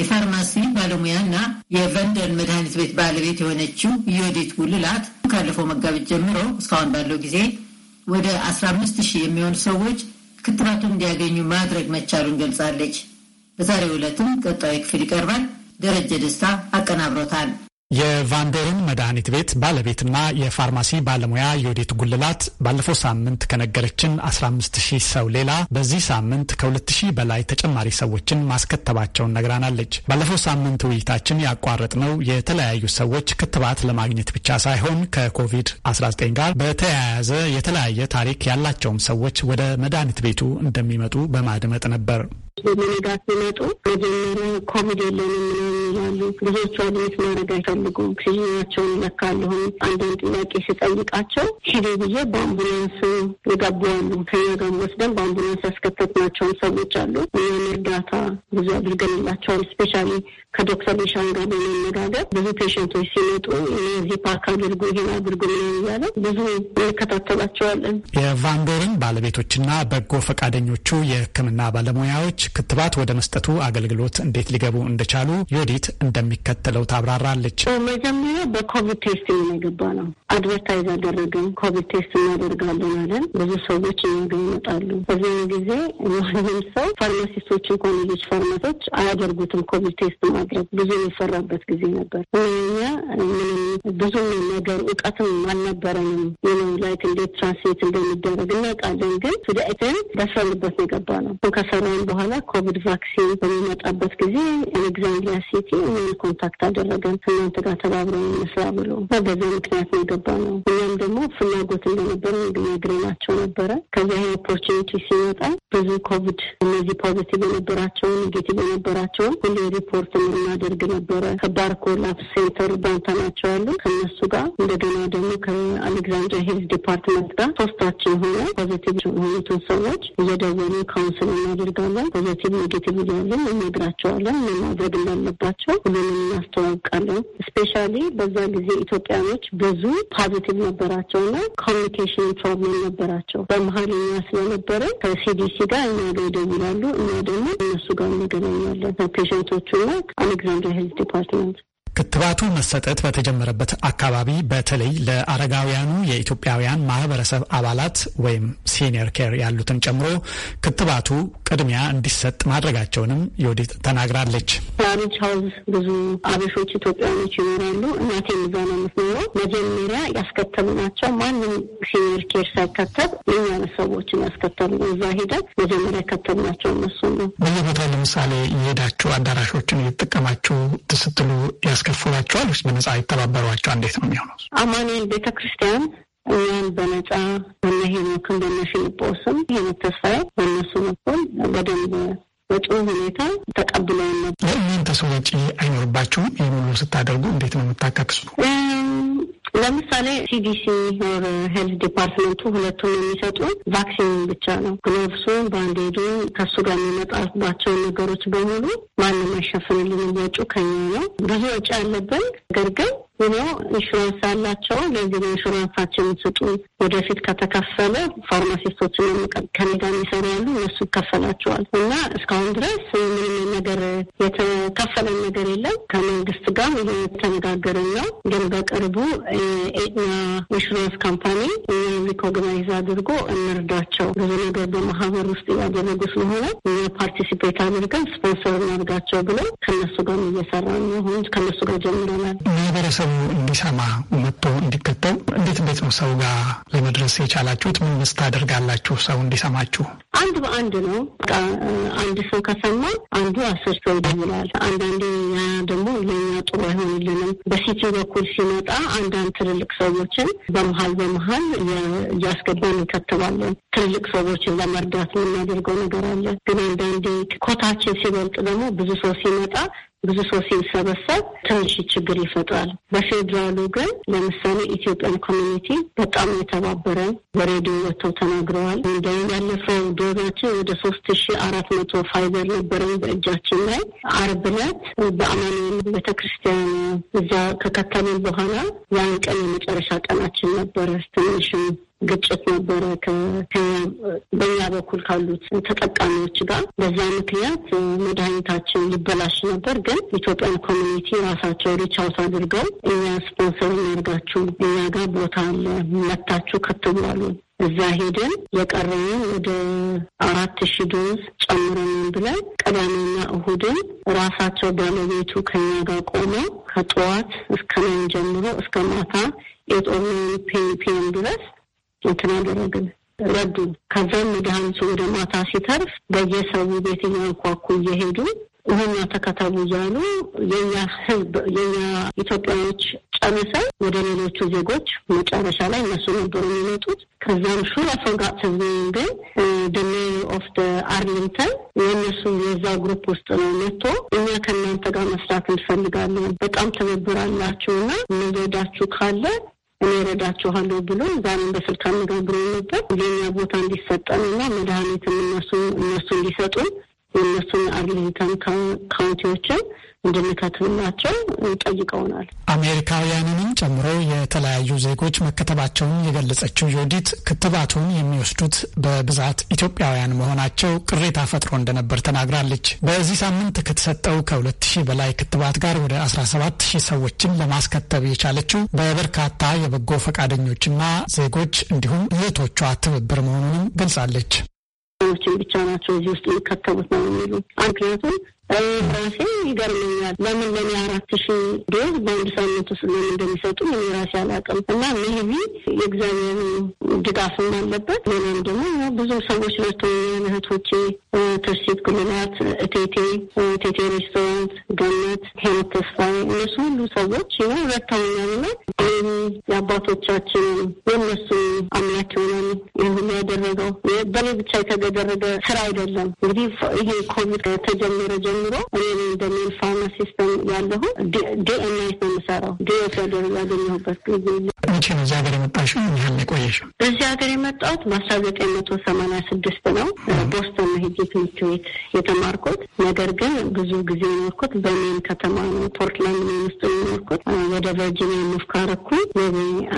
የፋርማሲ ባለሙያና የቨንደን መድኃኒት ቤት ባለቤት የሆነችው ዮዲት ጉልላት ካለፈው መጋቢት ጀምሮ እስካሁን ባለው ጊዜ ወደ 15 ሺህ የሚሆኑ ሰዎች ክትባቱን እንዲያገኙ ማድረግ መቻሉን ገልጻለች። በዛሬው ዕለትም ቀጣዩ ክፍል ይቀርባል። ደረጀ ደስታ አቀናብሮታል። የቫንደርን መድኃኒት ቤት ባለቤትና የፋርማሲ ባለሙያ የወዴት ጉልላት ባለፈው ሳምንት ከነገረችን 15000 ሰው ሌላ በዚህ ሳምንት ከ2000 በላይ ተጨማሪ ሰዎችን ማስከተባቸውን ነግራናለች። ባለፈው ሳምንት ውይይታችን ያቋረጥነው የተለያዩ ሰዎች ክትባት ለማግኘት ብቻ ሳይሆን ከኮቪድ-19 ጋር በተያያዘ የተለያየ ታሪክ ያላቸውም ሰዎች ወደ መድኃኒት ቤቱ እንደሚመጡ በማድመጥ ነበር። በመነጋት ሲመጡ መጀመሪያ ኮቪድ የለንም ምናምን ይላሉ። ብዙዎቹ አድሜት ማድረግ አይፈልጉም። ኦክሲጅናቸውን ይለካለሁኝ። አንዳንድ ጥያቄ ስጠይቃቸው ሂዴ ብዬ በአምቡላንስ የገቡ አሉ። ከኛ ጋር ወስደን በአምቡላንስ ያስከተትናቸውን ሰዎች አሉ። እኛም እርዳታ ብዙ አድርገንላቸዋል። ስፔሻሊ ከዶክተር ቤሻን ጋር በመነጋገር ብዙ ፔሽንቶች ሲመጡ ዚህ ፓርክ አድርጎ ይሄን አድርጎ ምናምን እያለ ብዙ እንከታተላቸዋለን። የቫንዶርን ባለቤቶችና በጎ ፈቃደኞቹ የህክምና ባለሙያዎች ክትባት ወደ መስጠቱ አገልግሎት እንዴት ሊገቡ እንደቻሉ ዮዲት እንደሚከተለው ታብራራለች። መጀመሪያ በኮቪድ ቴስት የገባ ነው። አድቨርታይዝ አደረግን። ኮቪድ ቴስት እናደርጋለን አለን። ብዙ ሰዎች እኛጋ ይመጣሉ። በዚያን ጊዜ ማንም ሰው ፋርማሲስቶችን ኮሌጆች፣ ልጆች ፋርማቶች አያደርጉትም። ኮቪድ ቴስት ማድረግ ብዙ የሚፈራበት ጊዜ ነበር። እኛ ምንም ብዙ ነገር እውቀትም አልነበረንም። ይነው ላይክ እንዴት ትራንስሌት እንደሚደረግ እናውቃለን፣ ግን ሱዳኤትን በስራንበት የገባ ነው ከሰራን በኋላ በኋላ ኮቪድ ቫክሲን በሚመጣበት ጊዜ ኤሌግዛንድሪያ ሲቲ እኔን ኮንታክት አደረገን። እናንተ ጋር ተባብረን እንስራ ብሎ በገዛ ምክንያት ነው የገባ ነው። እኛም ደግሞ ፍላጎት እንደነበረ ነግሬናቸው ነበረ። ከዚያ ኦፖርቹኒቲ ሲመጣ ብዙ ኮቪድ እነዚህ ፖዚቲቭ የነበራቸውን ኔጌቲቭ የነበራቸውን ሁሌ ሪፖርት የምናደርግ ነበረ። ከባርኮ ላብ ሴንተር ባንታ ናቸው ያሉ ከነሱ ጋር እንደገና ደግሞ ከአሌግዛንድሪያ ሄልዝ ዲፓርትመንት ጋር ሶስታችን ሆነ ፖዚቲቭ የሆኑትን ሰዎች እየደወሉ ካውንስል እናደርጋለን። ፖዘቲቭ ኔጌቲቭ እያለን እነግራቸዋለን፣ ምን ማድረግ እንዳለባቸው ሁሉንም እናስተዋውቃለን። ስፔሻሊ በዛ ጊዜ ኢትዮጵያኖች ብዙ ፓዚቲቭ ነበራቸውና ኮሚኒኬሽን ፕሮብሌም ነበራቸው። በመሀልኛ ስለነበረ ከሲዲሲ ጋር እኛ ጋር ይደውላሉ፣ እኛ ደግሞ እነሱ ጋር እንገናኛለን። ፔሽንቶቹ ከፔሸንቶቹና አሌክዛንድሪያ ሄልዝ ዲፓርትመንት ክትባቱ መሰጠት በተጀመረበት አካባቢ በተለይ ለአረጋውያኑ የኢትዮጵያውያን ማህበረሰብ አባላት ወይም ሲኒየር ኬር ያሉትን ጨምሮ ክትባቱ ቅድሚያ እንዲሰጥ ማድረጋቸውንም ዮዲት ተናግራለች። ማሬጅ ሀውዝ ብዙ አበሾች ኢትዮጵያኖች ይኖራሉ። እናቴ እዛ ነው የምትኖረው። መጀመሪያ ያስከተሉ ናቸው። ማንም ሲኒየር ኬር ሳይከተብ የእኛን ሰዎችን ያስከተሉ እዛ ሂደት መጀመሪያ ያከተሉ ናቸው እነሱ ነው። በየቦታው ለምሳሌ የሄዳችሁ አዳራሾችን እየተጠቀማችሁ ትስትሉ ያስከፍሏቸዋል ወይስ በነጻ ይተባበሯቸዋል? እንዴት ነው የሚሆነው? አማኑኤል ቤተ ክርስቲያን እኛን በነጻ በነ ሄኖክን በነ ፊልጶስም ሄኖክ ተስፋዬ በእነሱ በኩል በደንብ በጥሩ ሁኔታ ተቀብለው ለእናንተ ሰዎች አይኖርባቸውም? ይህን ሁሉ ስታደርጉ እንዴት ነው የምታካክሱ? ለምሳሌ ሲዲሲ ኦር ሄልት ዲፓርትመንቱ ሁለቱን የሚሰጡ ቫክሲን ብቻ ነው። ግሎቭሱ ባንዴዱ ከሱ ጋር የሚመጣባቸውን ነገሮች በሙሉ ማንም አይሸፍንልን እያጩ ከኛ ነው። ብዙ ወጪ አለብን። ነገር ግን ሆኖ ኢንሹራንስ አላቸው። ለዚህ ኢንሹራንሳቸው የሚሰጡ ወደፊት ከተከፈለ ፋርማሲስቶችን ከኔ ጋር የሚሰሩ ያሉ እነሱ ይከፈላቸዋል እና እስካሁን ድረስ ምንም ነገር የተከፈለን ነገር የለም። ከመንግስት ጋር የተነጋገርን ነው። ግን በቅርቡ ኤድና ኢንሹራንስ ካምፓኒ ሪኮግናይዝ አድርጎ እንርዳቸው ብዙ ነገር በማህበር ውስጥ እያደረጉ ስለሆነ ፓርቲሲፔት አድርገን ስፖንሰር ያስፈልጋቸው ብለው ከነሱ ጋር እየሰራን ይሁን ከነሱ ጋር ጀምረናል። ማህበረሰቡ እንዲሰማ መጥቶ እንዲከተው እንዴት እንዴት ነው ሰው ጋር ለመድረስ የቻላችሁት? ምን ምስ ታደርጋላችሁ ሰው እንዲሰማችሁ? አንድ በአንድ ነው። አንድ ሰው ከሰማ አንዱ አስር ሰው ይደውላል። አንዳንዴ ያ ደግሞ ለኛ ጥሩ አይሆንልንም። በሲቲ በኩል ሲመጣ አንዳንድ ትልልቅ ሰዎችን በመሀል በመሀል እያስገባን እንከትባለን። ትልልቅ ሰዎችን ለመርዳት የምናደርገው ነገር አለ። ግን አንዳንዴ ኮታችን ሲበልጥ ደግሞ ብዙ ሰው ሲመጣ ብዙ ሰው ሲሰበሰብ ትንሽ ችግር ይፈጥራል። በፌዴራሉ ግን ለምሳሌ ኢትዮጵያን ኮሚኒቲ በጣም የተባበረ በሬዲዮ ወጥተው ተናግረዋል። እንዲሁም ያለፈው ዶዛችን ወደ ሶስት ሺ አራት መቶ ፋይበር ነበረን በእጃችን ላይ አርብ ዕለት በአማኒ ቤተክርስቲያን እዛ ከከተምን በኋላ ያን ቀን የመጨረሻ ቀናችን ነበረ ትንሽ ግጭት ነበረ በኛ በኩል ካሉት ተጠቃሚዎች ጋር። በዛ ምክንያት መድኃኒታችን ሊበላሽ ነበር። ግን ኢትዮጵያን ኮሚኒቲ ራሳቸው ሪቻውት አድርገው እኛ ስፖንሰር እናርጋችሁ፣ እኛ ጋር ቦታ አለ፣ መታችሁ ከትብሏሉ። እዛ ሄደን የቀረውን ወደ አራት ሺ ዶዝ ጨምረን ብለን ቅዳሜና እሁድን ራሳቸው ባለቤቱ ከኛ ጋር ቆመው ከጠዋት እስከ ናይን ጀምሮ እስከ ማታ የጦር ፔን ፔን ድረስ እንትን አደረግን ረዱ። ከዛም መድኃኒቱ ወደ ማታ ሲተርፍ በየሰው ቤት እያንኳኩ እየሄዱ ይህኛ ተከተቡ እያሉ የኛ ህዝብ የኛ ኢትዮጵያዎች ጨምሰ ወደ ሌሎቹ ዜጎች መጨረሻ ላይ እነሱ ነበሩ የሚመጡት። ከዛም ሹ አፈንጋጥ ህዝብ ግን ደሜ ኦፍ አርሊንተን የእነሱ የዛ ግሩፕ ውስጥ ነው መጥቶ እኛ ከእናንተ ጋር መስራት እንፈልጋለን፣ በጣም ትብብር አላችሁ እና መዘዳችሁ ካለ እኔ እረዳችኋለሁ ብሎ ዛሬም በስልክ አነጋግሮ ነበር። የኛ ቦታ እንዲሰጠን እና መድኃኒትም እነሱ እነሱ እንዲሰጡን የእነሱን አግኝተን ካውንቲዎችን እንደሚከትብላቸው ጠይቀውናል። አሜሪካውያንንም ጨምሮ የተለያዩ ዜጎች መከተባቸውን የገለጸችው ዮዲት ክትባቱን የሚወስዱት በብዛት ኢትዮጵያውያን መሆናቸው ቅሬታ ፈጥሮ እንደነበር ተናግራለች። በዚህ ሳምንት ከተሰጠው ከ ሺህ በላይ ክትባት ጋር ወደ 17 ሰዎችን ለማስከተብ የቻለችው በበርካታ የበጎ ፈቃደኞችና ዜጎች እንዲሁም እህቶቿ ትብብር መሆኑንም ገልጻለች። ሰዎችን ብቻ ናቸው እዚህ ውስጥ የሚከተቡት ነው የሚሉ ምክንያቱም ራሴ ይገርመኛል። ለምን ለኔ አራት ሺ ዶዝ በአንድ ሳምንት ውስጥ ለምን እንደሚሰጡ ምን ራሴ አላውቅም። እና ሜቢ የእግዚአብሔር ድጋፍም አለበት። ሌላም ደግሞ ብዙ ሰዎች ረድተውኛል። እህቶቼ ትርሲት ጉልላት፣ እቴቴ እቴቴ ሬስቶራንት፣ ገነት፣ ሄኖ ተስፋ እነሱ ሁሉ ሰዎች ይ ረታውኛልነት ወይም የአባቶቻችን የእነሱ አምላክ ይሆናል። ይህ ያደረገው በኔ ብቻ የተደረገ ስራ አይደለም። እንግዲህ ይሄ ኮቪድ ተጀመረ ጀምሮ ጀምሮ እኔ በሚል ፋርማሲስተም ያለሁ ዲኤንኤ የምሰራው እ ያገኘሁበት ጊዜ መቼ ነው እዚህ ሀገር የመጣሽው? ያህል እዚህ ሀገር የመጣሁት በአስራ ዘጠኝ መቶ ሰማንያ ስድስት ነው። ቦስተን ትምህርት ቤት የተማርኩት። ነገር ግን ብዙ ጊዜ የኖርኩት በሜን ከተማ ነው፣ ፖርትላንድ ሜን ውስጥ የኖርኩት። ወደ ቨርጂኒያ ሙቭ ካረኩ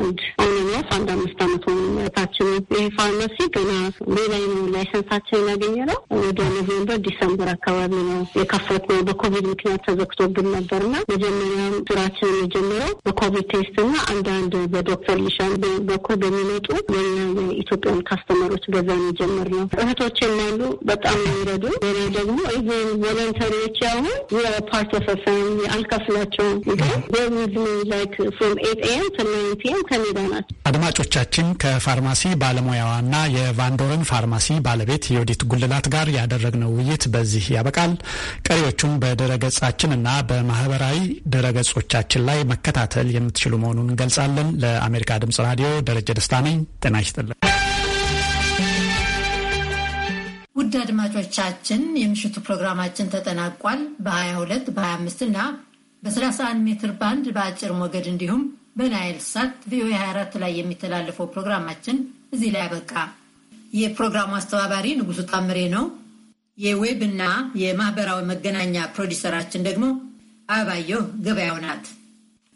አንድ አንድ አምስት አመት ይህ ፋርማሲ ገና ሌላይ ነው ላይሰንሳችን ያገኘ ነው። ወደ ኖቬምበር ዲሰምበር አካባቢ ነው የከፈት ነው። በኮቪድ ምክንያት ተዘግቶብን ነበርና መጀመሪያም ጀምሮ በኮቪድ ቴስት እና አንዳንድ በዶክተር ሊሻን በኩል በሚመጡ የኛ የኢትዮጵያን ካስተመሮች በዛ ነው የጀመርነው። እህቶች ያሉ በጣም የሚረዱ ሌላ ደግሞ ይሄ ቮለንተሪዎች ያሁን የፓርት ፈሰን ፋሚሊ አልከፍላቸውም፣ ግን ላይክ ፍሮም ኤት ኤም ተናይንቲ ኤም ከሜዳ ናቸው። አድማጮቻችን ከፋርማሲ ባለሙያዋ ባለሙያዋና የቫንዶረን ፋርማሲ ባለቤት የወዲት ጉልላት ጋር ያደረግነው ውይይት በዚህ ያበቃል። ቀሪዎቹም በድረገጻችን እና በማህበራዊ ድረገጾቻችን ላይ መከታተል የምትችሉ መሆኑን እንገልጻለን። ለአሜሪካ ድምጽ ራዲዮ ደረጀ ደስታ ነኝ። ጤና ይስጥልን። ውድ አድማጮቻችን የምሽቱ ፕሮግራማችን ተጠናቋል። በ22 በ25 እና በ31 ሜትር ባንድ በአጭር ሞገድ እንዲሁም በናይል ሳት ቪኦኤ 24 ላይ የሚተላለፈው ፕሮግራማችን እዚህ ላይ አበቃ። የፕሮግራሙ አስተባባሪ ንጉሱ ታምሬ ነው። የዌብ እና የማህበራዊ መገናኛ ፕሮዲሰራችን ደግሞ አበባየሁ ገበያው ናት።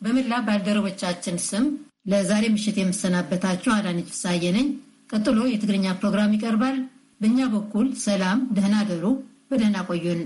በመላ ባልደረቦቻችን ስም ለዛሬ ምሽት የምሰናበታችሁ አዳነች ፍስሐዬ ነኝ። ቀጥሎ የትግርኛ ፕሮግራም ይቀርባል። በእኛ በኩል ሰላም፣ ደህና ደሩ በደህና ቆዩን።